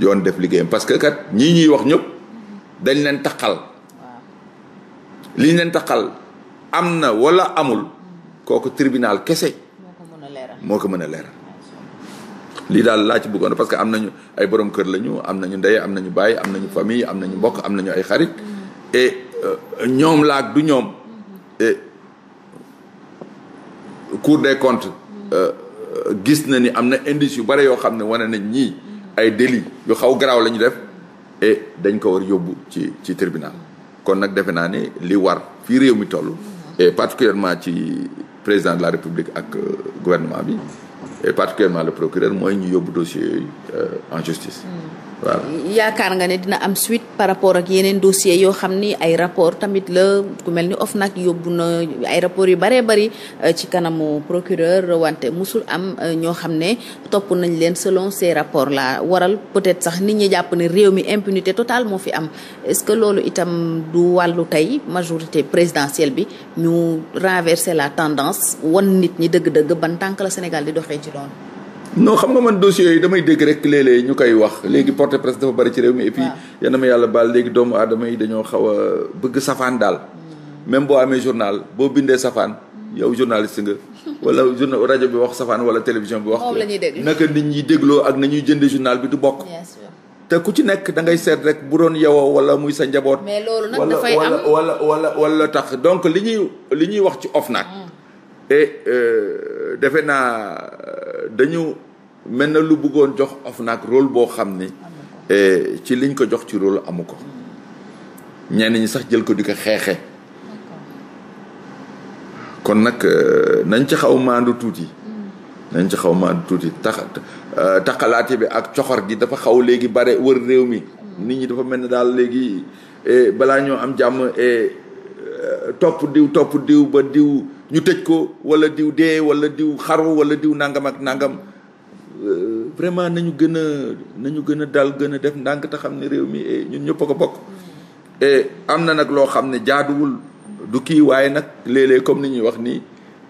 yoon def liggéeyam parce que kat ñii ñuy wax ñëpp dañ leen taqal li ñu leen am na walla amul kooku tribunal kese moo ko mën a leeral lii daal laa ci bëggoon parce que am nañu ay borom kër lañu am na ñu ndey am nañu baay am nañu famille am nañu mbokk am nañu ay xarit mm-hmm. et euh, ñoom laak du ñoom mm-hmm. et Cour des mm-hmm. euh, euh, gis na ni am na indice yu bare yoo xam ne wane nañ ñii ay délit yu xaw garaaw la ñu def et dañ ko war yóbbu ci ci tribunal kon nag defe naa ni li war fii réew mi toll et particulièrement ci président de la république ak euh, gouvernement bi et particulièrement le procureur mooy ñu yóbbu dossier yooyu euh, en justice mm. yaakaar nga ne dina am suite par rapport ak yeneen dossier yoo xam ni ay rapport tamit la ku mel ni nag yóbbu na ay rapport yu bëree bëri euh, ci kanamu procureur wante mosul am euh, ñoo xam ne topp nañ leen selon ces rapport là waral peut-être sax nit ñi jàpp ne réew mi impunité totale moo fi am est-ce que loolu itam du wàllu tey majorité présidentielle bi ñu renverser la tendance wan nit ñi dëgg-dëgg ban tànk la Sénégal di doxee ci loolu non xam nga man dossiers yi damay dégg rek léeg-léeg ñu koy wax léegi porté presque dafa bari ci réew mi et puis yal na ma yàlla baal léegi doomu aadama yi dañoo xaw a bëgg safaan daal hmm. même boo amee journal boo bindee safaan hmm. yow journaliste nga wala journal rajo bi wax safaan wala télévision bi wax naka nit ñi dégloo ak nañuy jënde journal bi du bokk te ku ci nekk da ngay seet rek bu doon yowoo wala muy sa njaboot mais loolu nag dafay wala wala wala tax donc li ñuy li ñuy wax ci OFNAC hmm. et euh, defe naa euh, dañu mel na lu buggoon jox OFNAC rôle boo xam ni euh, ci liñ ko jox ci rôle amu ko ñenn ñi sax jël ko di ko xeexe kon nag euh, nañ ci xaw maandu tuuti nañ ci xaw maandu tuuti tax taxalaate bi ak coxor gi dafa xaw léegi bare wër réew mi nit ñi dafa mel ne daal léegi eh, balaa ñoo am jàmm eh, topp diw topp diw ba diw ñu tëj ko wala diw dee wala diw xaru wala diw nangam ak nangam euh, vraiment nañu gën a nañu gën a dal gën a def ndànk te xam ne réew mi eh, ñun ñëpp a ko bokk. et am na nag loo xam ne jaaduwul du kii waaye nag léeg-léeg comme ni ñuy wax nii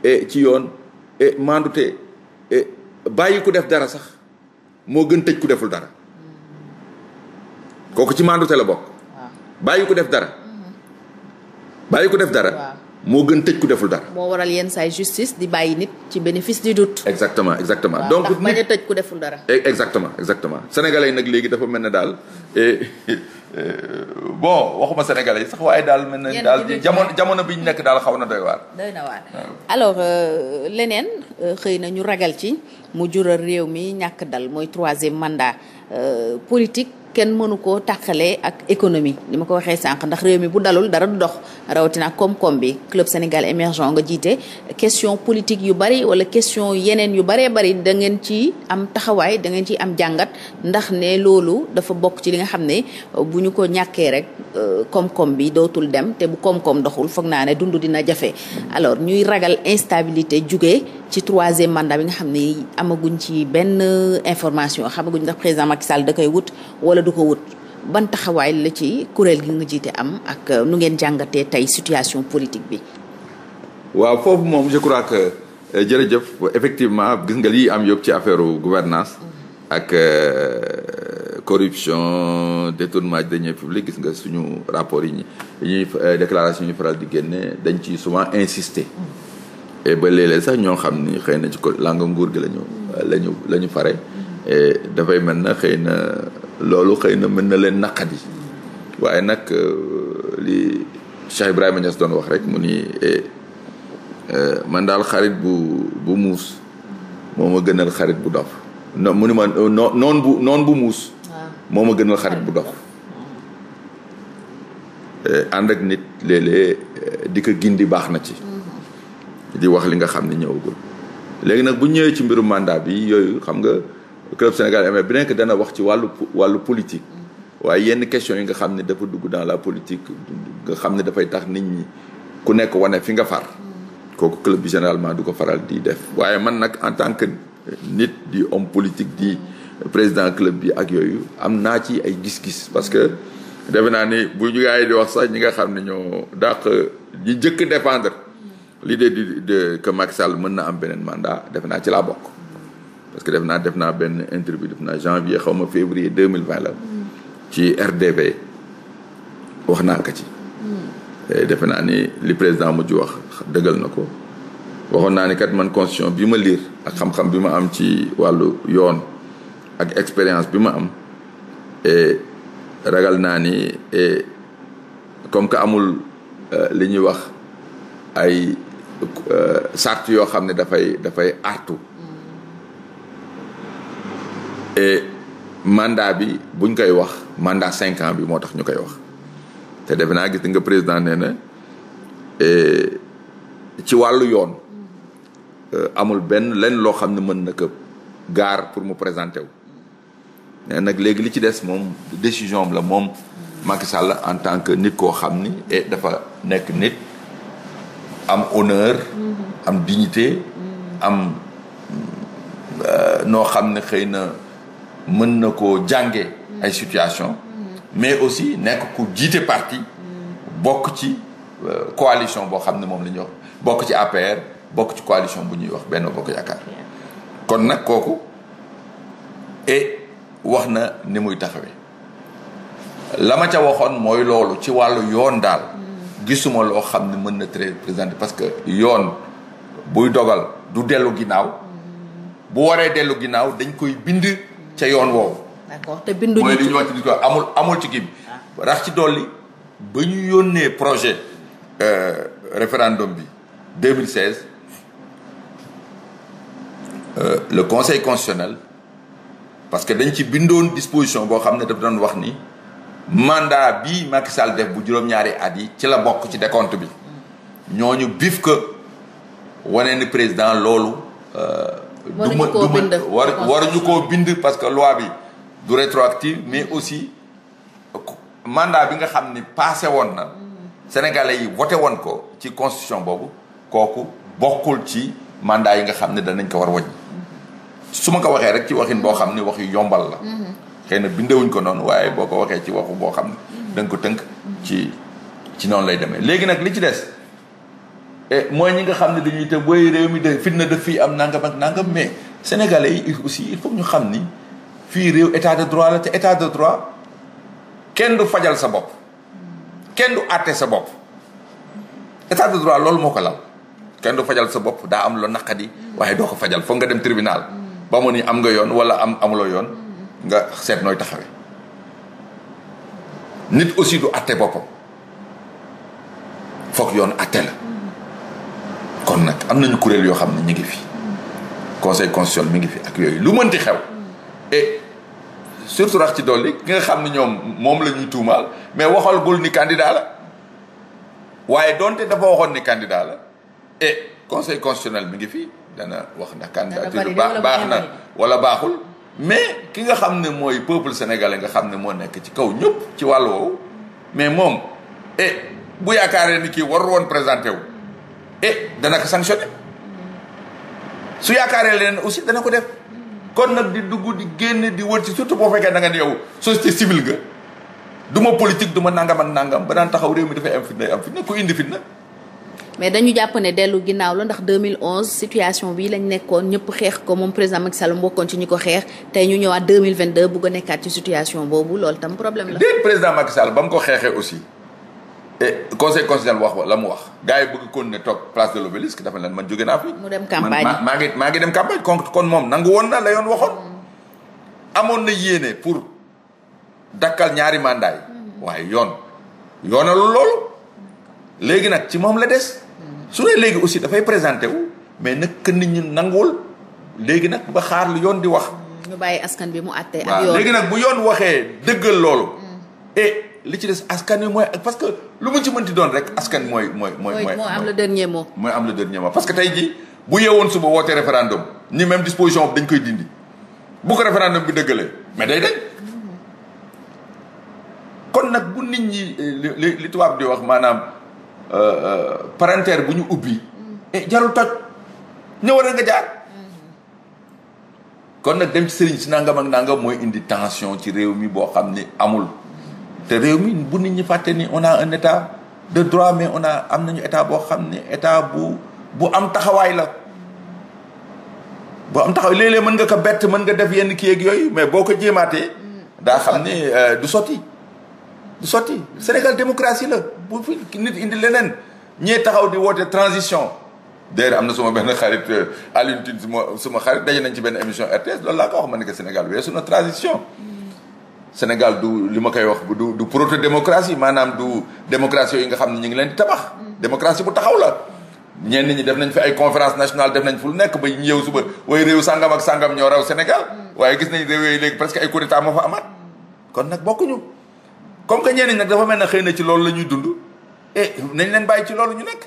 eh, ci yoon et eh, bàyyi ku def dara sax moo gën tëj ku deful dara mm-hmm. kooku ci mandute la bokk. bàyyi ku def dara. Mm-hmm. bàyyi ku def dara. moo gën tëj ku deful dara. moo waral yenn saay justice di bàyyi nit ci bénéfice du doute. exactement exactement donc ndax bañ a tëj ku deful dara. Eh, exactement exactement sénégalais yi nag léegi dafa mel ne daal eh, eh, bon waxuma sénégalais sax waaye daal mel na daal jamono jamono bi ñu nekk daal xaw na doy waar. doy na euh, leneen euh, xëy na ñu ragal ci mu jural réew mi ñàkk dal mooy troisième mandat euh, politique. kenn mënu koo tàqalee ak économie li ma ko waxee sànq ndax réew mi bu dalul dara du dox rawatina koom-koom bi club Sénégal émergent nga jiite question politique yu bari wala question yeneen yu baree bari da ngeen ci am taxawaay da ngeen ci am jàngat ndax ne loolu dafa bokk ci li nga xam ne bu ñu ko ñàkkee rek euh, koom-koom bi dootul dem te bu koom-koom doxul foog naa ne dund dina jafe alors ñuy ragal instabilité jóge ci troisième mandat bi nga xam ne amaguñ ci benn information xamaguñ ndax président Macky Sall da koy wut du ko wut ban taxawaay la ci kuréel gi nga jiite am ak euh, nu ngeen jàngatee tey situation politique bi. waaw foofu moom je crois que euh, jërëjëf effectivement gis nga lii am yëpp ci affaire gouvernance mm-hmm. ak euh, corruption détournement de deniers publics gis nga suñu rapport yi ñuy déclaration yi faral di génne dañ ci souvent insister. Mm-hmm. et ba léeg-léeg sax ñoo xam ni xëy na ci ko langa nguur gi la ñu la ñu mm-hmm. dafay mel na xëy na. loolu xëy na mën na leen naqadi waaye nag euh, li Cheikh Ibrahima Niass doon wax rek mu ni eh, euh, man daal xarit bu bu muus moo ma gënal xarit bu dox non mu ni euh, noon bu muus ah. moo ma gënal bu dof eh, ànd ak nit léeg-léeg eh, di ko gindi baax na ci mm-hmm. di wax li nga xam ne ñëwagul léegi nag bu ñëwee ci mbiru mandat bi yooyu xam nga club Sénégal amee bien que dana wax ci wàllu wàllu politique waaye yenn question yi nga xam ne dafa dugg dans la politique nga xam ne dafay tax nit ñi ku nekk wane fi nga far kooku club bi généralement du ko faral di def waaye man nag en tant que nit di homme politique di président club bi ak yooyu am naa ci ay gis-gis parce que defe naa ni bu ñu gars yi wax sax ñi nga xam ne ñoo daq di jëkk défendre l'idée du de que Macky mën na am beneen mandat defe naa ci laa bokk parce que def naa def naa benn interview def naa janvier xawma ma février deux mille vingt la ci RDV wax naa ko ci defe naa ni li président mujj wax dëggal na ko waxoon naa ni kat man constitution bi ma liir ak xam-xam bi ma am ci wàllu yoon ak expérience bi ma am ragal naa ni comme que amul euh, li ñuy wax ay sart euh, yoo xam ne dafay dafay artu et mandat bi buñ koy wax mandat cinq ans bi moo tax ñu koy wax te defe naa gis nga président nee na ci wàllu yoon euh, amul benn lenn loo xam ne mën na ko gaar pour mu présenter wu nag léegi li ci des moom décision am la moom Macky Sall en tant que nit koo xam ni et dafa nekk nit am honneur mm-hmm. am dignité mm-hmm. am euh, noo xam ne xëy na mën na koo jànge ay situation mais aussi nekk ku jiite parti bokk ci euh, coalition boo xam ne moom la wax bokk ci APR bokk ci coalition bu ñuy wax Benno Bokk Yaakaar kon nag kooku et wax na ni muy taxawee la ma ca waxoon mooy loolu ci wàllu yoon daal gisuma loo xam ne mën na très présenté parce que yoon buy dogal du dellu ginnaaw bu waree dellu ginnaaw dañ koy bind ca yoon woowu. d'accord te binduñu mooy li ñu wax ci discours amul amul ci kii bi. Ah. rax ci dolli ba ñu yónnee projet. Euh, référendum bi 2016 euh, le conseil constitutionnel parce que dañ ci bindoon disposition boo xam ne daf doon wax ni mandat bi Macky Sall def bu juróom-ñaari at yi ci la bokk ci décompte bi mm. ñooñu bif que wane ni président loolu. Euh, mënuñu koo bind war waruñu koo bind parce que loi bi du rétroactive mais aussi mandat bi nga xam ni passé woon na sénégalais yi voté woon ko ci constitution boobu kooku bokkul ci mandat yi nga xam ne danañ ko war wañ su ma ko waxee rek ci waxin boo xam ne wax yu yombal la mhm. xëy na bindewuñ ko noonu waaye boo ko waxee ci waxu boo xam ne da ko tënk ci ci noonu lay demee léegi nag li ci des Eh, mooy ñi nga xam ne dañuy te booy réew mi de fitna def fii am nangam ak nangam mais sénégalais yi aussi il faut ñu xam ni fii réew état de droit la te état de droit kenn du fajal sa bopp kenn du àtte sa bopp état de droit loolu moo ko lal kenn du fajal sa bopp daa am loo naqadi waaye doo ko fajal foog nga dem tribunal ba mu ni am nga yoon wala am amuloo yoon nga seet nooy taxawee nit aussi du àtte boppam foog yoon àtte la. kon nag am nañu kuréel yoo xam ne ñu ngi fi conseil constitutionnel mi ngi fi ak yooyu lu mënti xew surtout rax ci dolli ki nga xam ne ñoom moom la ñuy tuumaal mais waxal gul ni candidat la waaye donte dafa waxoon ni candidat la et conseil constitutionnel mi ngi fi dana wax ndax candidature baax baax na wala baaxul mais ki nga xam ne mooy peuple sénégalais nga xam ne moo nekk ci kaw ñëpp ci wàll wow mais moom et bu yaakaaree ni kii war woon présenté wu e dana ko sanctionné su yaakaaree leneen aussi dana def kon nag di dugg di génn di wër ci surtout boo fekkee da nga ne yow société civile nga du ma nangam ak nangam ba daan taxaw réew mi dafay am fitna am fitna ku indi fitna. mais dañu jàpp ne dellu ginnaaw la ndax 2011 situation lañ nekkoon ñëpp xeex ko moom président Macky Sall bokkoon ci ñu ko xeex tey ñu ñëwaat 2022 bugg a nekkaat ci situation boobu loolu tam problème la. déet président Macky ba ko xeexee aussi. et conseil constitutionnel wa la mu wax gaa yi bëgg kon ne toog place de l'obélisque dafa leen man jóge naa fi. mu dem campagne man maa ngi maa ngi dem campagne kon kon moom nangu woon na la yoon waxoon. Mm. amoon na yéene pour dakkal ñaari mandat yi. Mm. waaye yoon yoonalu loolu. léegi nag ci moom la des. Mm. su dee léegi aussi dafay présenté wu mais nag que nit ñi nanguwul léegi nag ba xaar lu yoon di wax. ñu askan bi mu àttee léegi nag bu yoon waxee dëggal loolu. et li ci des askan wi mooy parce que lu mu ci mënti doon rek askan mooy mooy mooy mooy am le dernier moo mooy am le dernier mot parce que tey jii bu yeewoon suba wootee référendum ñi même disposition boobu koy dindi bu ko référendum bi dëggalee mais day nag bu nit ñi euh, li li di wax maanaam euh, euh, parenthèse bu ñu ubbi mm. eh, jarul toj ñëw rek mm-hmm. kon nag dem ci sëriñ si nangam ak mooy indi tension ci réew mi boo xam ni amul te réew mi bu nit ñi fàtte ni on a un état de droit mais on a am nañu état boo xam ne état bu bu am taxawaay la boo am taxawaay léeg-léeg mën nga ko bett mën nga def yenn kii ak yooyu mais boo ko jéemaatee daa xam ne euh, du sotti du sotti Sénégal démocratie la bu fi nit indi leneen ñee taxaw di woote transition d'ailleurs am na suma benn xarit euh, Alioune Tine suma suma xarit daje nañ ci benn émission RTS loolu laa ko wax ma ne Sénégal weesu na transition Sénégal du li ma koy wax du du proto démocratie maanaam du démocratie yooyu nga xam ne ñu ngi leen di tabax. démocratie bu taxaw la. ñenn ñi def nañ fi ay conférence nationale def nañ fu nekk ba ñu yeew suba waaye réew sangam ak sangam ñoo raw Sénégal. waaye gis nañ réew yooyu léegi presque ay coup d'état moo fa amaat. kon nag bokkuñu comme que ñenn ñi nag dafa mel ne xëy na ci loolu la ñuy dund eh nañ leen bàyyi ci loolu ñu nekk.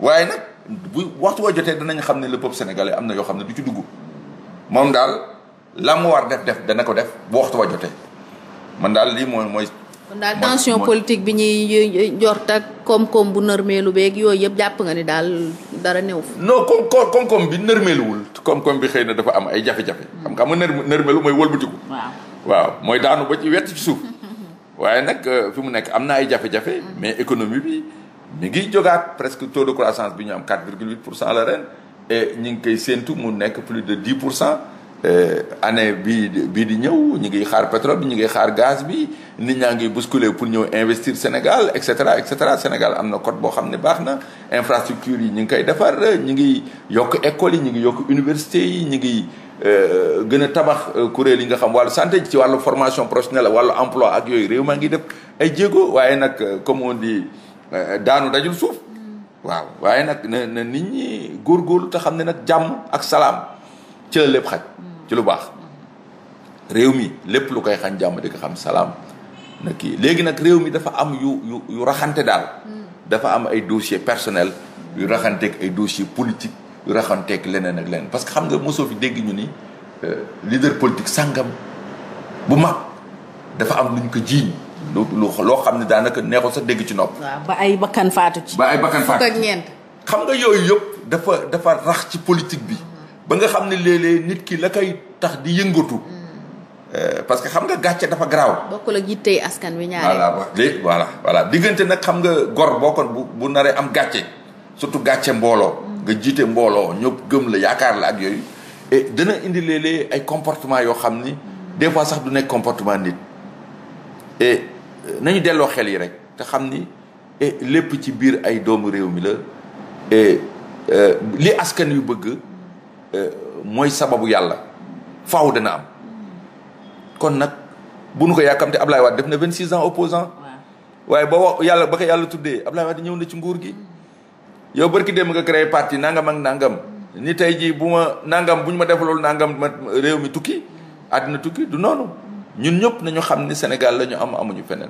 waaye nag bu waxtu woo jotee danañ xam ne le peuple sénégalee am na yoo xam ne du ci dugg moom daal la mu war def def dana ko def bu waxtu woo jotee. man daal lii mooy mooy. kon daal tension politique bi ñuy jort ak koom-koom bu nërmeelu beeg yooyu yëpp jàpp nga ni daal dara néew. non koom koom-koom bi nërmeeluwul koom-koom bi xëy na dafa am ay jafe-jafe. Hmm. xam nga am nga nërmeelu mooy wëlbatiku. waaw waaw mooy daanu ba ci wett ci suuf. waaye nag euh, fi mu nekk am na ay jafe-jafe. Hmm. mais économie bi mi ngi jógaat presque taux de croissance bi ñu am 4,8 pour cent la ren. et ñu ngi koy séentu mu nekk plus de 10 pour cent. Euh, année bi bii di ñëw ñu ngi xaar pétrole bi ñu ngi xaar gaz bi nit ñaa ngi bousculer pour ñëw investir Sénégal et cetera et cetera Sénégal am na code boo xam ne baax na infrastructure yi ñu ngi koy defar ñu ngi yokk école yi ñu ngi yokk université yi ñu ngi euh, gën a tabax euh, kuréel yi nga xam wàllu santé ci wàllu formation professionnelle wàllu emploi ak yooyu réew maa ngi def ay jéego waaye nag comme on dit daanu dajul suuf waaw waaye nag na na nit ñi góorgóorlu te xam ne nag jàmm ak salaam ci lépp xaj ci lu baax réew mi lépp lu koy xañ jàmm di ko xam salaam na kii léegi nag réew mi dafa am yu yu yu raxante daal hmm. dafa am ay dossier personnel yu raxanteeg ay dossier politique yu raxanteeg leneen ak leneen parce que xam nga mosoo fi dégg ñu ni euh, leader politique sàngam bu mag dafa am lu ñu ko jiiñ lu lu loo xam ne daanaka neexul sa dégg ci nopp ba ay bakkan faatu ci ba ay bakkan faatu ci xam nga yooyu yëpp dafa dafa rax ci politique bi ba nga xam ne léeg-léeg nit ki la koy tax di yëngatu. Hmm. Eh, parce que xam nga gàcce dafa garaaw. bokkul ak yittey askan wi ñaare. voilà voilà voilà diggante nag xam nga gor boo kon bu bu naree am gàcce surtout gàcce mbooloo. Hmm. nga jiite mbooloo ñëpp gëm la yaakaar la ak yooyu. dana indi léeg-léeg ay comportement yoo xam ni. Hmm. des fois sax du nekk comportement nit. Euh, nañu delloo xel yi rek te xam ni lépp ci biir ay doomu réew mi la. Euh, li askan yu bëgg. Euh, mooy sababu yàlla faaw dana am kon nag bu nu ko yàkkamte Ablaye Wade def na vingt six ans opposant waaye ba wax yàlla ba ko yàlla tuddee Ablaye di ñëw na ci nguur gi yow barki dem nga créé parti nangam ak nangam ni tey jii bu ma nangam bu ñu ma def loolu nangam ma réew mi tukki àddina tukki du noonu ñun ñëpp nañu xam ni Sénégal la ñu am amuñu feneen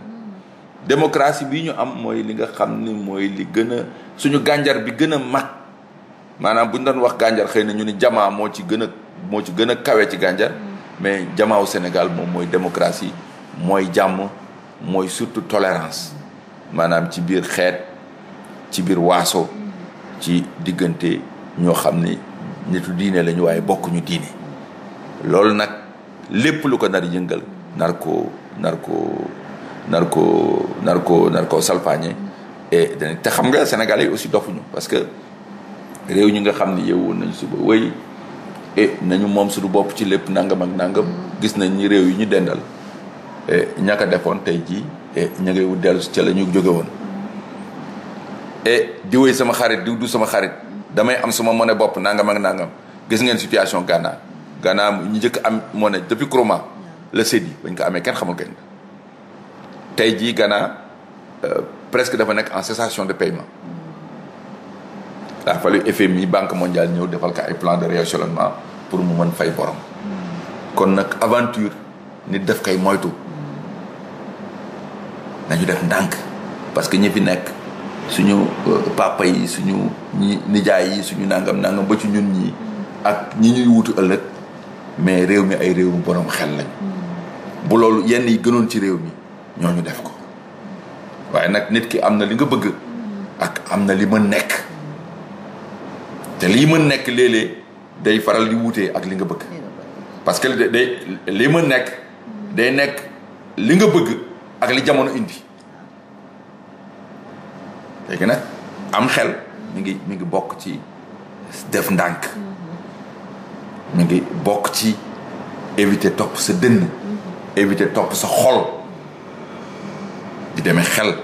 démocratie bi ñu am mooy li nga xam ni mooy li gën a suñu gànjar bi gën a mag maanaam bu ñu doon wax gànjar xëy na ñu ni jamaa moo ci gën a moo ci gën a kawe ci gànjar mm. mais jamaawu Sénégal moom mooy démocratie mooy jàmm mooy surtout tolérance maanaam ci biir xeet ci biir waaso mm. ci diggante ñoo xam ni nitu diine lañu waaye bokkuñu diine loolu nag lépp lu ko nar yëngal nar ko nar ko nar ko nar ko nar ko salfaañe mm. et te xam nga Sénégalais yi aussi dofuñu parce que réew ñi nga xam ne yeewoon nañu suba wéy eh, nañu moom suñu bopp ci lépp nangam ak nangam gis nañ ni réew yi ñu dendal eh, ñaka defoon tey jii e ña ngay dellu ca la ñu jóge woon e di wéy sama xarit di du sama xarit damay am su ma monnaie bopp nangam ak nangam gis ngeen situation Ghana Ghana ñu njëkk am monnaie depuis Nkrumah la cedi bañ ko amee kenn xamul kenn tey jii Ghana euh, presque dafa nekk en cessation de paiement daa fallu FMI banque mondiale ñëw defal ko ay plan de rééchelonnement pour mu mën fay borom. kon nag aventure nit def koy moytu nañu def ndànk parce que ñi fi nekk suñu euh, papa yi suñu ñi nijaay yi suñu nangam nangam ba ci ñun ñii ak ñi ñuy wutu ëllëg mais réew mi ay réew mu borom xel lañ bu loolu yenn yi gënoon ci réew mi ñoo ñu def ko waaye nag nit ki am na li nga bëgg ak am na li mën nekk te lii mën nekk léeg-léeg day faral di wuutee ak li nga bëgg parce que day lii mën nekk day nekk li nga bëgg ak li jamono indi léegi nag am xel mu ngi mi ngi bokk ci def ndànk mu mm-hmm. ngi bokk ci éviter topp sa dënn mm-hmm. éviter topp sa xol di demee xel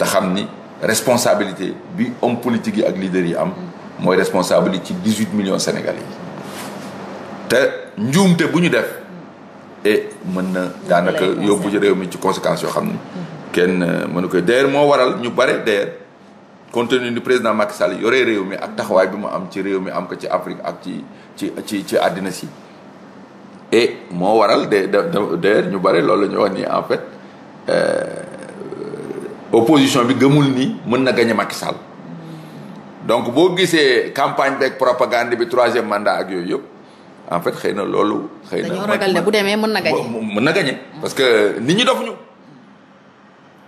te xam ni responsabilité bi homme politique yi ak leader yi am mm-hmm. mooy responsable yi ci dix huit millions Sénégalais yi te njuumte bu ñu def et eh, mën na daanaka yóbbu ci réew mi ci conséquence yoo xam ni kenn euh, mënu koy d'ailleurs moo waral ñu bare d'ailleurs compte tenu ni président Macky Sall yore réew mi ak taxawaay bi mu am ci réew mi am ko ci Afrique ak ci ci ci ci àddina si moo waral de d'ailleurs ñu bare loolu la ñu wax nii en fait euh, opposition bi gëmul nii mën na gañe Macky Sall donc boo gisee campagne beeg propagande bi troisième mandat ak yooyu yëpp en fait xëy na loolu. xëy na dañoo ragal ne bu demee mën na gañe mën na gañe parce que nit ñi dofuñu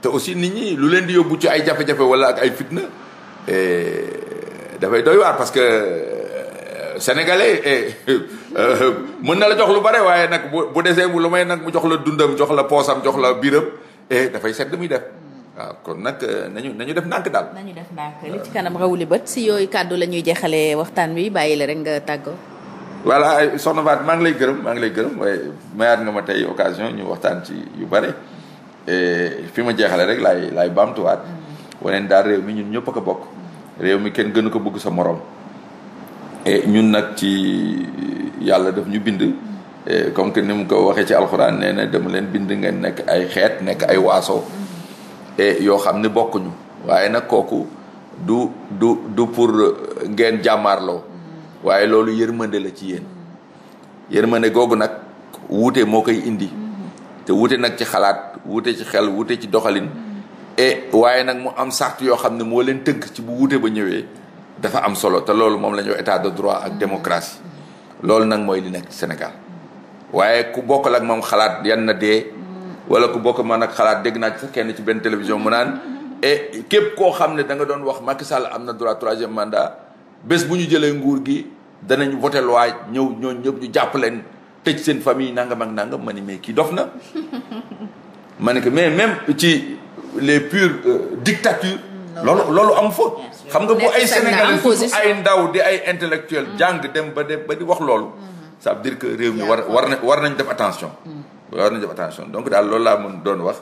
te aussi nit ñi lu leen di yóbbu ci ay jafe-jafe wala ak ay fitna eh, dafay doy waar parce que euh, sénégalais eh, euh, mën na la jox lu bare waaye nag bu bu desee mu lu may nag mu jox la dundam jox la poosam jox la biiram eh, dafay sedd muy def. waaw kon nag euh, nañu nañu def ndànk daal. nañu def ndànk li ci kanam rawuli bët si yooyu kàddu la ñuy jeexalee waxtaan wi bàyyi la rek nga tàggoo. voilà soxna Fatou maa ngi lay gërëm maa ngi lay gërëm waaye mayaat nga ma tey occasion ñu waxtaan ci yu bare fi ma jeexale rek lay laay baamtuwaat. Mm-hmm. waneen daal réew mi ñun ñëpp ko bokk. réew mi kenn gënu ko bugg sa moroom ñun nag ci yàlla daf ñu bind. Mm-hmm. comme que ni mu ko waxee ci alxuraan nee na dama leen bind ngeen nekk ay xeet nekk ay waaso. Mm-hmm. E yoo xam ni bokkuñu waaye nag kooku du du du pour ngeen jàmmaarloo waaye loolu yërmande la ci yéen yërmande googu nag wuute moo koy indi te wuute nag ci xalaat wuute ci xel wuute ci doxalin e waaye nag mu am sart yoo xam ne moo leen tënk ci bu wuute ba ñëwee dafa am solo te loolu moom la ñuy état de droit ak démocratie loolu nag mooy li nekk Sénégal waaye ku bokkal ak moom xalaat yan na dee wala boo ko man ak xalaat dégg naa ci sax kenn ci benn télévision mu naan eh, képp koo xam ne da nga doon wax Macky Sall am na droit troisième mandat bés bu ñu jëlee nguur gi danañ voté loi ñëw ñooñu ñëpp ñu jàpp leen tëj seen famille nangam ak nangam man ne mais kii dof na ma ne que mais même ci les pures euh, dictatures loolu loolu am fa xam nga boo ay sénégalais ay ndaw di ay intellectuel mm. jàng dem ba de ba di wax loolu mm. ça veut dire que réew mi war war na war nañ def attention. Hmm. war nañ def attention donc daal loolu laa mën doon wax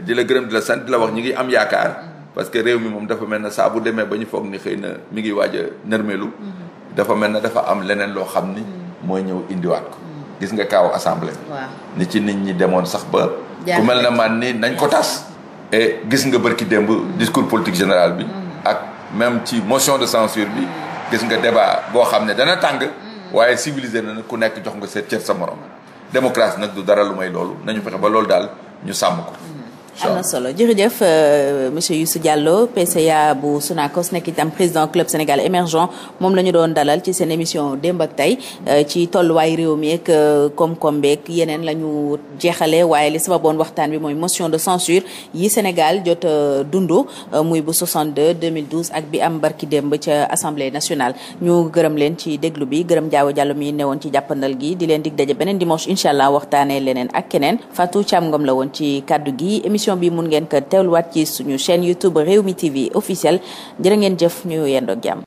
di la gërëm di la sant di la wax ñi ngi am yaakaar. Hmm. parce que réew mi moom dafa mel ne saa bu demee ba ñu foog ni xëy na mu ngi waaj a nërmeelu. Hmm. dafa mel ne dafa am leneen loo xam ni. mooy ñëw indiwaat ko. gis nga kaaw assemblée. waaw ni ci nit ñi demoon sax ba. ku mel na man nii nañ ko tas. e gis nga bërki démb discours politique général bi. ak même ci motion de censure bi. gis nga débat boo xam ne dana tàng. waaye civilisé na ku nekk jox nga seet cër sa morom démocratie nag du dara lu may loolu nañu fexe ba loolu daal ñu sàmm ko am na solo jërëjëf euh, monsieur Youssou Diallo PCA bu Sonacos nekk itam président club Sénégal émergent moom la ñu doon dalal ci seen émission démb ak tey euh, ci tolluwaay réew mi ak euh, koom-koom beeg yeneen la ñu jeexalee waaye li sababoon waxtaan bi mooy motion de censure yi Sénégal jot dundu muy bu 62 2012 ak bi am barki démb ca assemblée nationale ñu gërëm leen ci déglu bi gërëm jaawo Diallo mi newoon ci jàppandal gi di leen dig daje beneen dimanche incha allah waxtaanee leneen ak keneen woon ci kàddu gi émission bi mun ngeen ko teewluwaat ci suñu chaîne YouTube mi TV officiel jërë ngeen jëf ñu yendoog jàmm